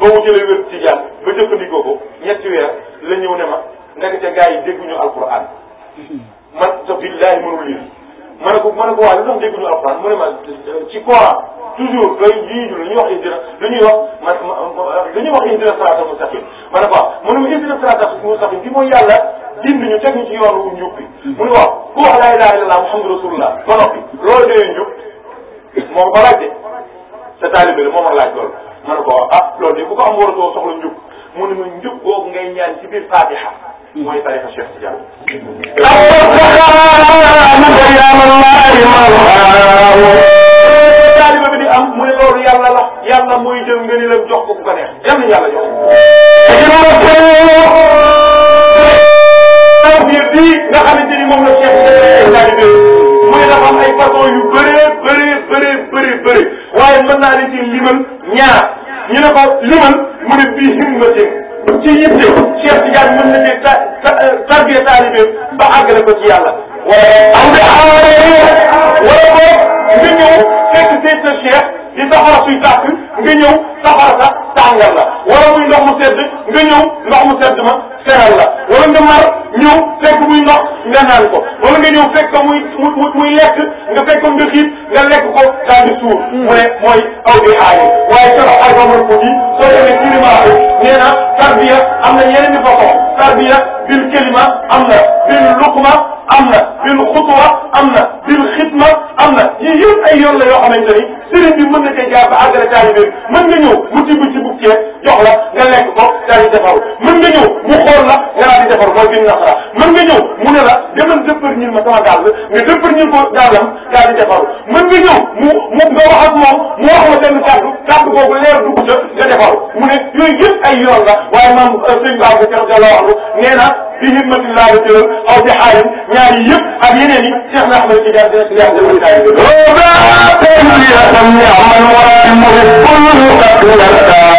A: ba mu jëlee wér Tijaan ba jëfandikoo ko ñetti weer la ñëw ne ma nekk ca gars yi dégguñu alquran man te billahi mënul lire ma ne ko ma ne ko waaye lu tax dégguñu alquran mu ne ma ci Coran toujours day yii ñu lu ñuy wax indina lu ñuy wax man lu ñuy wax indina sirata ma ne ko waaw mu ne ma indina sirata mustaqim bi mooy yàlla dindi ñu teg ñu ci yoonu wu njub bi mu ne waaw ku wax laa ilaha illallah muhammadu rasulullah ba noppi loolu dee njub moom ko laaj sa taalibe la moo ma laaj loolu ma ne ko waaw ah loolu de bu ko am ngay ñaan ci biir mooy tarixa Cheikh Tidiane. taaliba bi di am mu ne loolu yàlla la yàlla mooy jël nga ni la jox ko ku ko neex yàlla na yàlla jox. biir bii nga xamante ni moom la Cheikh Tidiane taalibe muy dafa am ay façon yu bëree bëree bëree bëree bëri waaye mën naa leen ci limal ñaar ñu ne ko limal mu ne bii himmatin ci yitte Cheikh Tidiane mën na ne ta euh, tarbiya taalibe ba àggale ko ci yàlla. am na wala boog nga ñëw fekk say sa Cheikh di saxara suy tàkk nga ñëw saxara sax tàngal la wala muy ndox mu sedd nga ñëw ndox mu sedd ma. teral la wala nga mar ñëw fekk muy ndox nga naan ko wala nga ñëw fekk ko muy muy muy lekk nga fekk ko nga xiit nga lekk ko daal di suur. mu ne mooy aw bi xaajee waaye ca la xayma mën ko ji soo demee climat bi nee na tarbiya am na yeneen i façon tarbiya bil kalima am na bil luqma am na bil xutwa am na bil xitma am na yii yëpp ay yoon la yoo xamante ni. sëriñ bi mën na cee jaar ba àggale taalibe mën nga ñëw mu tibb ci bu ceeb jox la nga lekk ko daal di defaru mën nga ñëw mu xool la nga daal di defaru mooy bin nasara mën nga ñëw mu ne la demal dëppar ñin ma sama dàll nga dëppar ñin ko dàllam daal di defaru mën nga ñëw mu mu nga wax ak moom mu wax la benn kàddu kàddu boobu leer dugg ca nga mu ne yooyu yëpp ay yoon la waaye maam euh, sëñ Ba ca la wax nee na bi himmatillah la jëlal aw bi xaalim ñaar yi yëpp ak yi Cheikh Ahmed Tidiane dina ولم يعمل ويمر كل قد يرتاح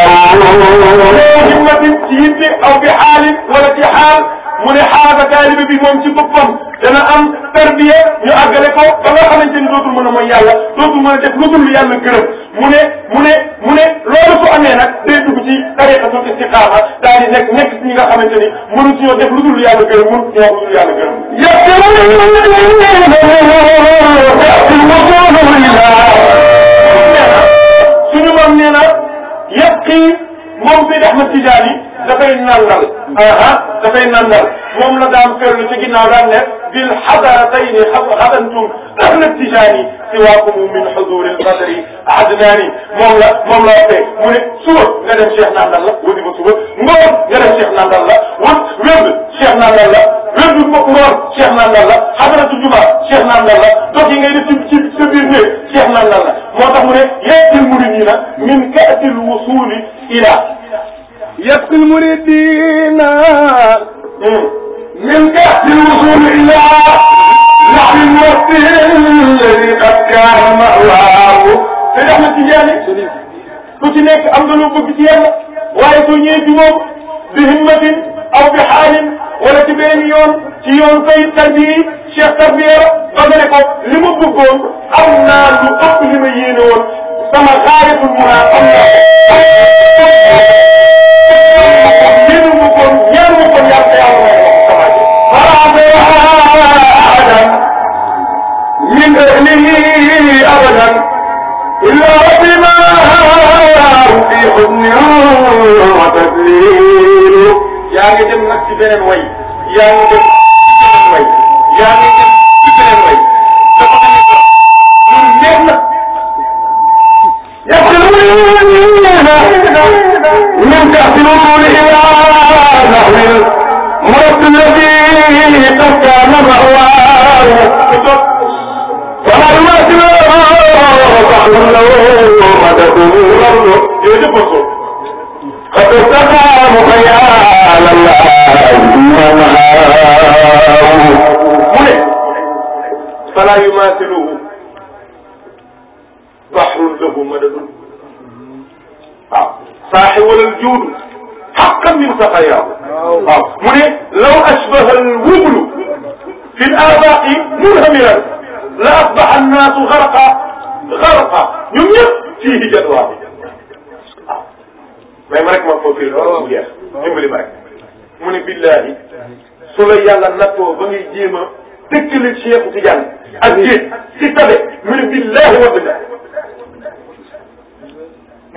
A: بجد او بحال ولا في حال mu ne xaaba taalibe bi moom ci boppam dana am tarbiya ñu àggale ko ba nga xamante ni dootul mën a mooy yàlla dootul mën a def lu dul lu yàlla gërëm mu ne mu ne mu ne loolu su amee nag day dugg ci tariqatul istiqaama daal di nekk nekk ci ñi nga xamante ni mënu ci ñoo def lu dul lu yàlla gërëm Ahmad Tijaani dafay nandal aha dafay nandal moom la daam ferlu ci ginnaaw daan ne bil xadaratayni xadantum ahmad Tijaani siwaakum min xuduril qadri adnaani moom la moom la waxee mu ne suba nga dem Cheikh nandal la wadi ba suba ngoon nga dem Cheikh nandal la wut wérd Cheikh nandal la wérdu ngoon Cheikh nandal la xadaratu juma Cheikh nandal la dox yi ngay def ci sa biir néeg Cheikh nandal la moo tax mu ne yaatil muridina min kaatil wusuli ila يبقي المريدين من جهد الوصول إلى نحو الوقت الذي قد كان مأواه te def na ci yàlla ku ci nekk am na lu bëgg ci yàlla waaye soo ñëwee ci moom bi himmatin aw bi xaalin wala ci benn yoon ci yoon koy tarbiyi cheikh tarbiya ba nga ne ko li ma bëggoon am naa lu ëpp li ma yéene woon sama xaaritu mu naa xam naa ko ñeenu mu ko
B: ñeenu mu ko yàlla te yàlla may ko sama ji fala abadan
A: min ahlihi abadan illa rabbimaa fi xusnin wa tasliim yaa ngi dem nag ci beneen way yaa ngi dem ci beneen way yaa ngi dem ci beneen way dafa
C: am يقتلون
A: من تحت الوصول إلى نحو المرض الذي قد كان مأواه ولا يماثله صحن لومته الأرض قد استقام خيال الله ومعاه فلا يماثله saxrun lahu madadun waaw saaxi walal juudu xaqan min saxayaahu waaw mu ne law asbaha alwublu fi l abaaqi munhamiran la asbaha annaasu xarqa xarqa ñoom ñëpp fiihi jadwaa waaw mais ma rek ma ko firi loolu mu jeex dimbali ma rek mu ne billahi su la yàlla nattoo ba ngay jéem a tëkkale Cheikh Tidiane ak yéen ci tabe mu ne billahi wa billahi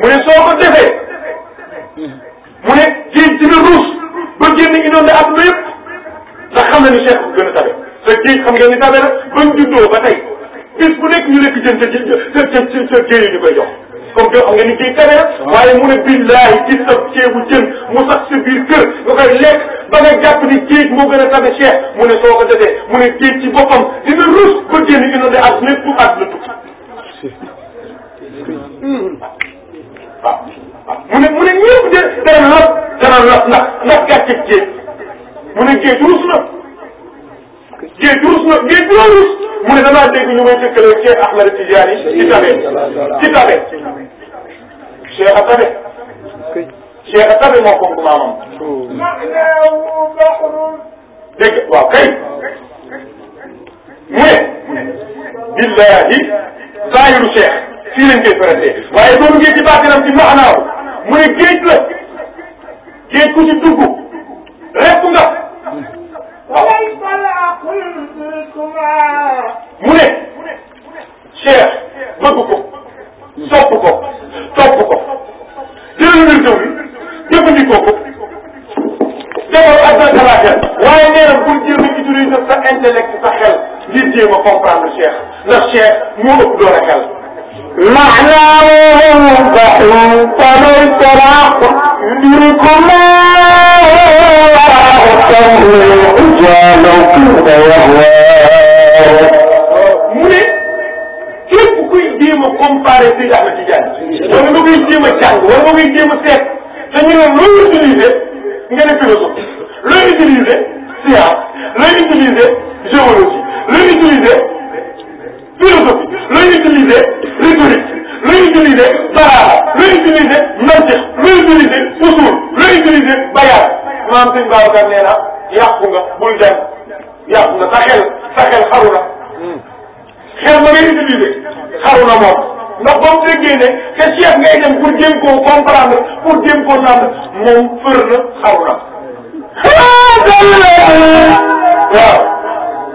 A: mu ne soo ko defee mu ne géej dina ruus ba génn inondé àdduna yëpp ndax xam na ni Cheikh bu gën a tawe te géej xam ngeen ni tawe na bañ juddoo ba tey bis bu nekk ñu lekk jën te te te géej ñu koy jox comme que xam nga ni géej tawe na waaye mu ne billaahi gis sa ceebu jën mu sax sa biir kër nga koy lekk ba nga jàpp ni géej moo gën a tawe Cheikh mu ne soo ko defee mu ne géej ci boppam dina ruus ba génn inondé àdduna yëpp àdduna tukki waaw ah. mu ne mu ne ñëpp de dana lot dana lot ndax ndax gàcce géej mu ne géej ruus na géej ruus na géej dina ruus mu ne danaa dégg ñu may tëkkale Cheikh Ahmed Tidiane ci tabe ci tabe Cheikh a tabe Cheikh a tabe moo fonk maamam dégg waaw kay mu ne billahi saayiru Cheikh fii lañ koy faratee waaye moom géej ci baatinam ci maanaaw mu ne géej la géej ku ci dugg rekk nga
B: mu ne Cheikh bëgg ko sopp
A: ko topp ko jëlal wirdo bi jëfandikoo ko defal ak sa xalaat waaye nee na bul jël ci sa intellect sa xel ngir jéem a comprendre Cheikh ndax Cheikh moo ëpp doole xel. maanaam dañu tamit daraax ngir ko mu ne képp kuy jéem a comparer Seydi Ahmed Tidiane wala nga koy jéem a jàng wala nga koy jéem a seet dañu ne looy utiliser nga ne philosophie looy utiliser science looy utiliser géologie looy utiliser philosophie looy utiliser rhétorique looy utiliser balaara looy utiliser mantiq looy utiliser usul looy utiliser bayaan maam suñ Babacar nee na yàqu nga bul dem yàqu nga sa xel sa xel xaru na xel ma ngay utiliser xaru na moom ndax ba mu déggee ne te chef ngay dem pour jéem koo comprendre pour jéem koo naan moom fër na xaru na waaw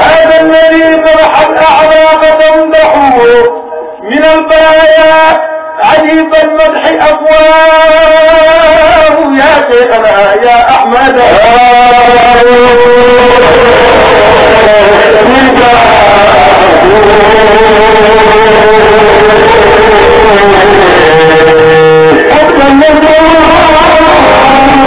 A: هذا الذي طرح الأعراق تنضح من البرايا عجيب المدح أفواه يا شيخنا يا أحمد
B: حتى النبي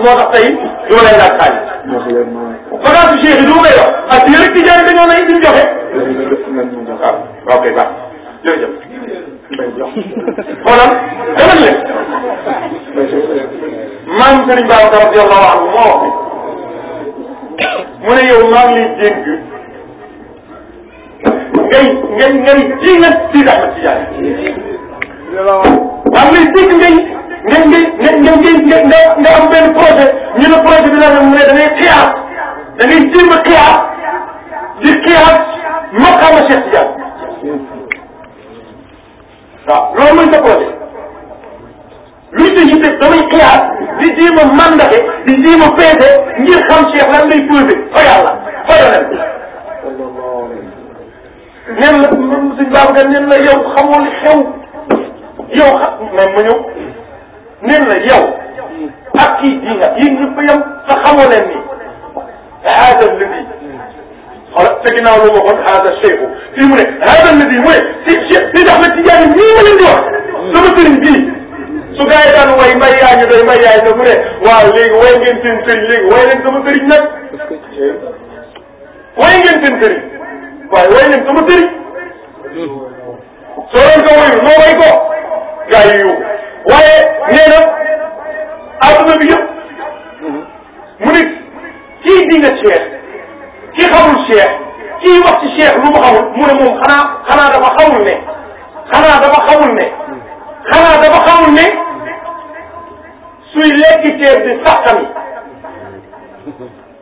A: moo tax tey du ma leen laaj xaalis. bagage bi Cheikh yi du ma koy wax ak yéen rek ci jaay dañoo nay duñ joxe. waaw ok baax jërëjëf. xoolal demal leen. maam Serigne Babacar radiyallahu anhu moo wax mu ne yow maa ngi lay jéng ngay ngay ngay ji nga si Ahmad Tidiane maa ngi lay dégg ngay. nga nga nga nga nga am benn projet ñu ne projet bi naan mu ne da ngay xiyaas da ngay jéem a xiyaas di xiyaas maqaama Cheikh Tidiane waaw loolu mooy sa projet lu ci jiite damay xiyaas di jéem a mandaté di jéem a peese ngir xam Cheikh lan lay posé fa yàlla fa yonent ñen la suñ Babacar ñen la yow xamul xew yow xam ma ma ñëw neen la yow ak kii di nga yéen ñëpp yem te xamoo leen ni haada ladi xoolal te ginnaaw lu mu ne haada ladi mu ne si cheikh si ndax nag si jaay di wax sama sëriñ bii su gars way mbay yaa ñu doy mbay yaa way ngeen seen sëriñ way leen sama sëriñ nag way ngeen seen sëriñ way leen sama sëriñ soo leen ko wayul moo way ko gars yi waaye nee na adduna bi yëpp mu ne kii dinga Cheikh kii xamul Cheikh kii wax ci Cheikh lu mu xamul mu ne moom xanaa xanaa dafa xamul ne xanaa dafa xamul ne xanaa dafa xamul ne suy lekk ceeb bi sàqami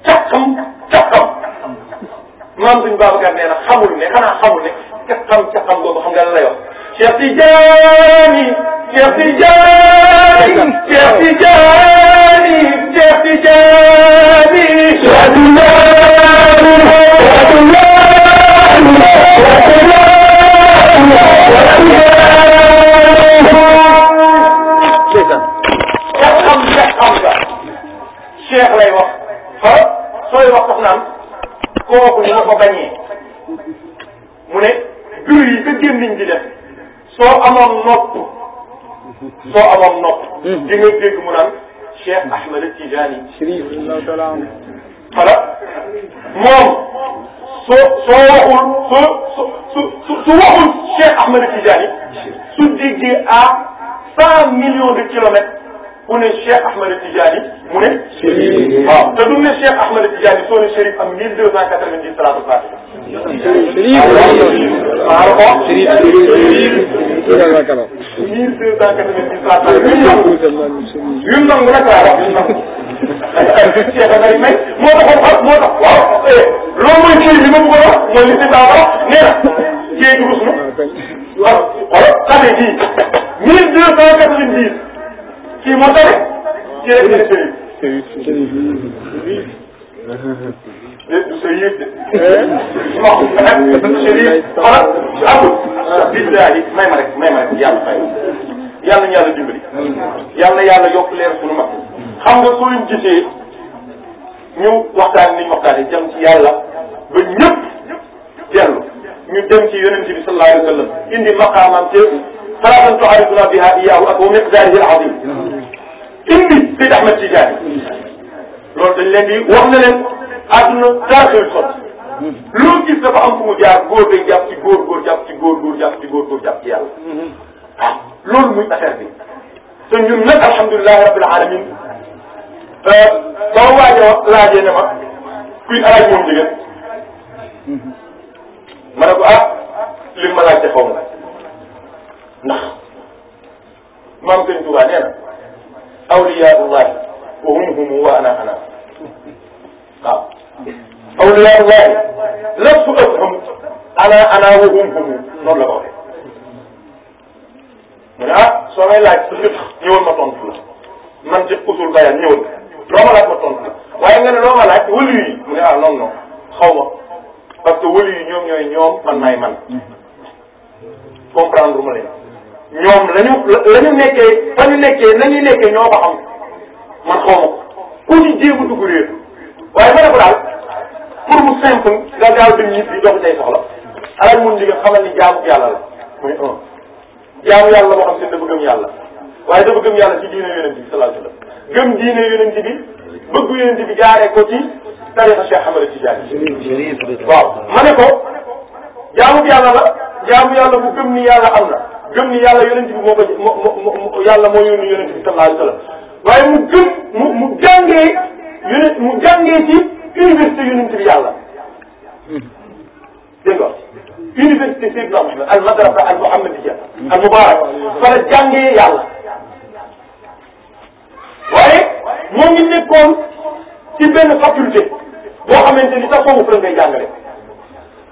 A: caqam caqam maam suñ Babacar nee na xamul ne xanaa xamul ne caqam caqam boobu xam nga la lay wax Cheikh Tidiane Cheikh Tidiane Cheikh Tidiane Cheikh Tidiane Cheikh Cheikh lay wax ah sooy wax sax naan kooku ñu ko bañee mu ne biir yi ba gémmiñ di def soo amoon nopp soo amoon nopp. Hmm. di nga dégg mu naan Cheikh Ahmed Tidiane. voilà moom soo soo waxul soo su su su waxul Cheikh Ahmed Tidiane su déggee à cent millions de kilomètres ku ne Cheikh Ahmed Tidiane mu ne. waaw te du ne Cheikh Ahmed Tidiane soo ne Chérif am mille deux cent quatre-vingt-dix salaatu faatiha moo
B: tax
A: déet du sa yéeg de. waaw chérif xoolal amul. ma rek may ma rek yàlla fay yàlla ñu yàlla dimbali. xam nga soo leen waxtaan ni ñu waxtaanee jëm ci yàlla ba ñëpp dellu ñu dem ci yonente bi sallallahu alayhi wa sallam indi maqaamam te salaatan tu'arifuna biha iyyahu ak wa al-azim indi Seydi Ahmed Tidiane loolu dañ leen di wax na leen. adduna dara xëy sot loo jaar góor day jàpp ci góor góor jàpp ci góor góor jàpp ci góor góor jàpp ci yàlla ah loolu muy affaire bi te ñun nag alhamdulilahi rabbil alamin sama euh, a laajee ne ma kuy alaaj moom jigéen ma ne ko ah li ma laajte xaw ma ndax maam sëñ Tuubaa hum hum wa ana ana awliyaa llaahi lafzuhum alaa alaa wa hum hum noonu la ko waxee mu ne ah soo may laaj fiq ñëwal ma tontu la man ci usul bayaan ñëwal loo ma laaj ma tontu la waaye nga ne loo ma laaj wëlu yi mu ne ah ñoom ñooy ñoom man maay man comprendre ma leen ñoom lañu la ñu nekkee fa ñu nekkee la ñuy nekkee ñoo ko xam man xaw ma ku ñu jéem a dugg waaye mën na ko daal pour mu simple nga gaaw dem ñib bi dox say soxla alal mun liggéey xamal ni jaamu yàlla la muy un jaamu yàlla moo xam seen dafa gëm yàlla waaye dafa gëm yàlla ci diine yonent bi sallallahu alayhi wa sallam gëm diine yonent bi bëgg yonent bi jaaree ko ci tarixa Cheikh Ahmed a waaw ma ne ko jaamu yàlla la jaamu yàlla bu gëm ni yàlla am na gëm ni yàlla yonent bi moo ko moo moo yàlla moo yonent mu jàngee ci université yonent bi yàlla dégg nga université Seydina Mouhamed al madrasa al muhammadiya al mubarak fa la jàngee yàlla waaye moo ngi nekkoon ci benn faculté boo xamante ni tasawuf la ngay jàngale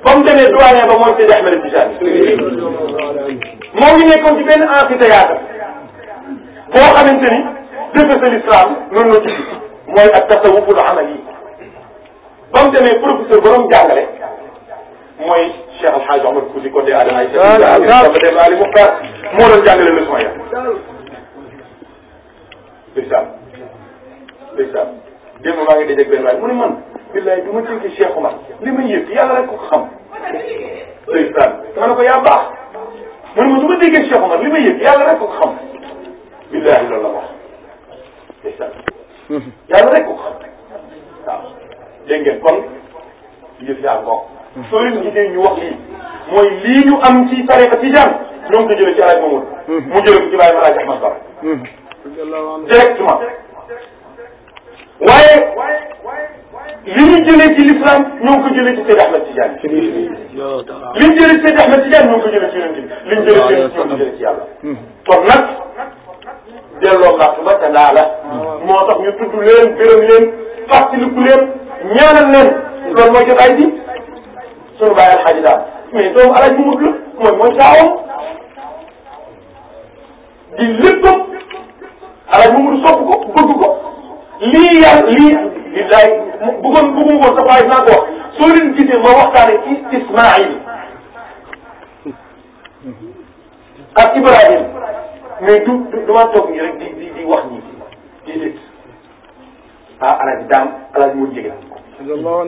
A: ba mu demee doyen ba mooy Seydi Ahmed Tijani moo ngi nekkoon ci benn amphithéâtre boo xamante ni dëkk sa l'islam noonu la tudd mooy ak tasawuful amal yi ba mu demee professeur borom jàngale mooy Cheikh Al Hadj Omar Fouti Condé Adda ay. waaw waaw dafa dem Ali Muxtaar moo doon jàngale leçon ya. ndeysaan ndeysaan démb maa ngi dajeeg benn waay mu ne man billaay du ma dégg Cheikh Omar li ma yëg yàlla rek ko xam. ndeysaan ma ne ko yaa baax mu ne ma du ma déggee Cheikh Omar li ma yëg yàlla rek ko xam. billaay loolu la wax ndeysaan yàlla rek ko xam waaw dégg ngeen kon yëf yaa ko soo leen gisee ñu wax lii mooy lii ñu am ci tariqa tijaan ñoo ngi ko jëlee ci alaaj Mamour mu jëlee ci Ibrahima alaaj Ahmad Bara directement
B: waaye li ñu jëlee ci l'islam
A: ñoo ngi ko jëlee ci Seydi Ahmad Tijaan li ñu jëlee ci Seydi Ahmad Tijaan ñoo ngi ko jëlee ci yonent bi li ñu jëlee ci yonent bi ñoo ngi ko jëlee ci yàlla kon nag delloo kàddu ba te daa la moo tax ñu tudd leen gërëm leen fàttaliku leen ñaanal leen loolu mooy jotaay bi sunu bàyyi alxaaji daal mais doomu alaaji mu la mooy mooy saawam mu sopp ko bëgg ko lii yàlla lii li daay bëggoon bëggu ko sax waaye naa ko soo leen gisee ma waxtaane ci Ismaïl ak Ibrahim mais du du damaa toog nii rek di di di wax nii di nit ah alaaji daam alaaji mu jege la.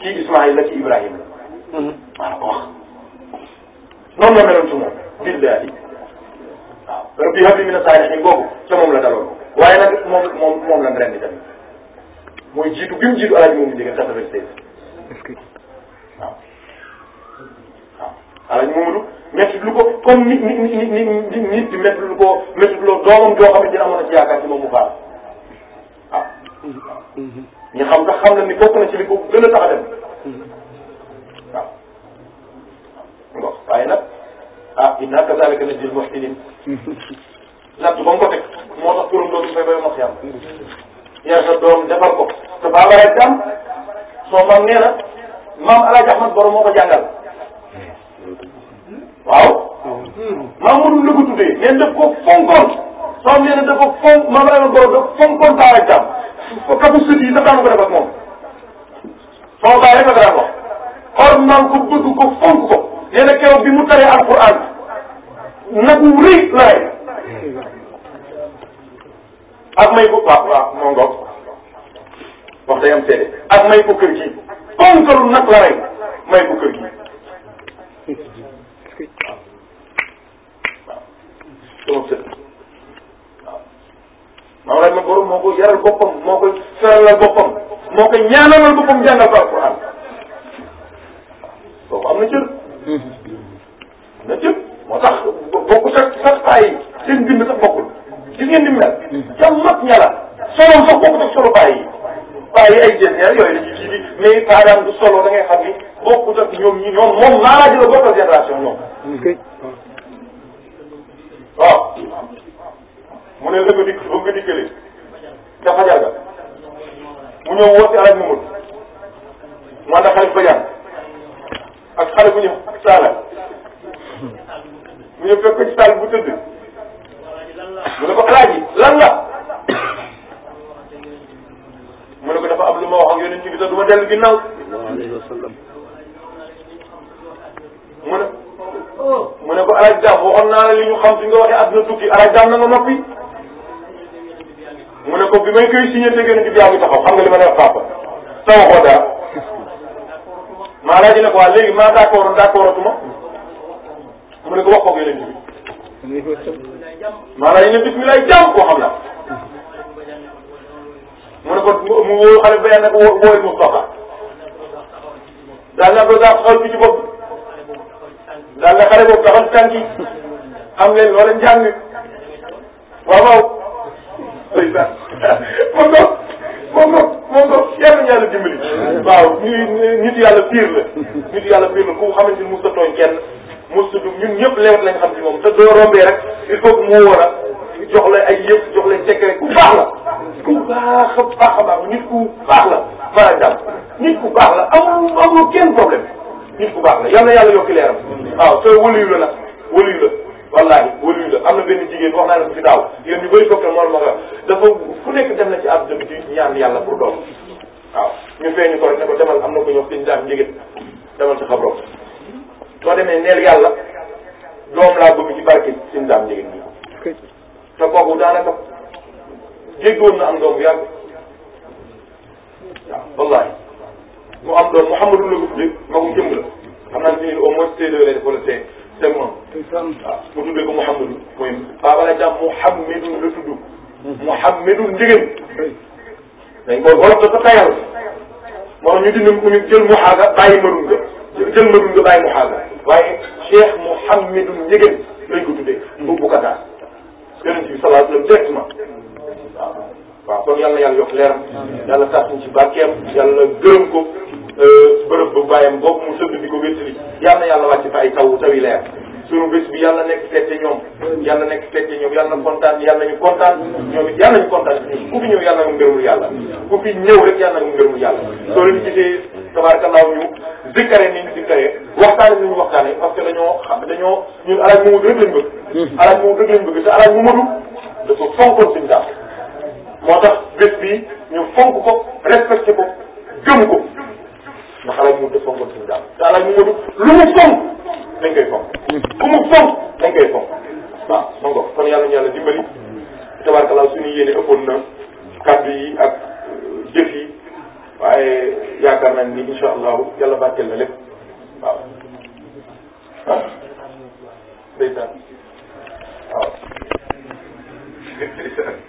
A: kii Ismaïl la ci Ibrahima la. waaw mhm. wax noonu la meloon su moom billaahi waaw rabbi habli mina saalihiin googu ca la daloon waaye nag moom moom la ren di tamit mooy jiitu bi mu jiitu alaaji moom mu jege quatre-vingt-seize waaw alañ moomudu métti lu ko comme nit nit nit nit nit di métti lu ko métti loo doomam joo xam ne dina amoon a ci yaakaar ci moom mu baax ah. xam na ni ko gën a tax a dem waaw bon waaye nag ah inna kazalika najzil muhsinin natt ba mu ko teg moo tax turam dootu fay bay mos yàlla yar sa na maam El Hadj Ahmad Borom moo ko waaw. Mamadou la ko de mais daf ko fonkoon soo nee ne dafa fon Mamadou Ayoon Borom dafa fonkoon Daara Thiam fo kàddu sët yi sax daan ko def ak moom sama baay rek la ko daan wax or man ko bëgg ko fonk ko nee na keroog bi mu taree alquran nag wu rëy la rek ak may ko waaw waaw moo ngoog wax day am seede ak may ko kër gi ponkalu nag la rek may ko kër gi. sama sët waaw maam rajo borom ko yaral boppam moo ko saralal boppam moo ko ñaanalal boppam jàngal ko alquran kooku am na cër. Mm-hmm. am na cër moo tax bokku sax sax saa yi seen bind sax bokkul gis ngeen ni mu mel. Mm-hmm. ca mag ña la solo sax bokkul ak solo bàyyi yi bàyyi ay jën ñaar yooyu la ñuy ji mais paadaan waaw mu ne la ko dikk ba nga dikkalee ca Fajar ga mu ñëw woo si alal Mamadou man la xale Badiane ak xale bu ñu Saala mu ñëw fekk ko ci saal bu tëdd mu ne ko alaaji lan la mu ne ko dafa am lu ma wax ak yonent bi sax du ma dellu ginnaaw mu ne mu ne ko alaaj daaf waxoon naa la li ñu xam fi nga waxee adduna tukki alaaj daaf na nga noppi mu ne ko bi may koy signé dégg na ci yaa ngi taxaw xam nga li ma ne papa taw waxoo dara maa laaj ne ko waa léegi maa d'accord d'accord atuma mu ne ko wax ko yeneen bi maa laaj ne bismillah jàmm koo xam naa ne ko mu wóor xale ba yàlla nag wóor Mustafa daal naa ko daa daal la xale boobu taxaw tànk yi am leen loola njàng waaw waaw moom moom moom moom moom moom yàlla na yàlla dimbali waaw ñuy nit yàlla piir la nit yàlla piir la ku xamante ni mos a tooñ kenn mos a dugg ñun ñëpp lewet lañ xam ci moom te doo i rek il faut que moo war a jox la ay jox la cekk ku baax la ku baax a baax a baax nit ku baax la par exemple nit ku baax la amul amul kenn problème nit ku baax la yal na yàlla yokk leeram waaw sooy wëluyu la nag wëluyu la wallahi wëluyu la am na benn jigéen wax naa ne ko fi daaw yéen ñu bëri soppal moom ma nga dafa fu nekk dem na ci àdduna bi di ñaan yàlla pour doom waaw ñu feeñu ko rek ne ko demal am na ko ñëw sëñ daan njigéen demal ci xabro soo demee neel yàlla doom laa bëgg ci barke sëñ daan njigéen bi te kooku daanaka jéggoon na am doom bu yàgg waaw wallahi mu am doom Mouhamadou la ko tuddee magum jëmm la xam naa ne au moins T2 lay def wala T segment waaw mu tuddee ko Mouhamadou mooy Paa Bala Dia Mouhamedou la tudd. Mhm. Mouhamedou Ndieguène. dañ koy wolof dafa tayal moo ñu dindi ku ñu jël Mouhaga bàyyi Madou nga jël Madou nga bàyyi Mouhaga waaye Cheikh Mouhamedou Ndieguène lañ ko tuddee. Mhm. bu bu Qatar. yonent bi sallallahu alayhi wa sallam directement waaw. waaw kon yàlla yàlla yokk leeram yàlla tax ñu ci barkeem yàlla gërëm ko bërëb bu bàyyam bopp mu sëgg di ko wéttali yàlla yàlla wàcc fa ay taw tawi leer suñu bés bi yàlla nekk fekk ñoom yàlla nekk fekk ñoom yàlla kontaan yàlla ñu kontaan ñoom it yàlla ñu kontaan ku fi ñëw yàlla nga ngërëmul yàlla ku fi ñëw rek yàlla nga ngërëmul yàlla soo leen gisee tabaarakallaahu ñu zikkare ni ñu zikkare waxtaane ni ñu waxtaane parce que dañoo xam dañoo ñun alaaj moomu rek lañ bëgg alaaj moomu rek lañ bëgg te alaaj mu madu dafa moo tax bés bi ñu fonk ko respecté ko gëm ko ndax alaay mu dafa fonkoon suñu daal te alaay mu wóodu lu mu fonk dañ koy fonk ku mu fonk dañ koy fonk waaw ah, ma ngoog kon yàlla ñu yàlla dimbali tabarkalaa suñu yéene ëppoon na kàddu yi euh, nañ ni insha allahu yàlla barkeel na lépp waaw ah.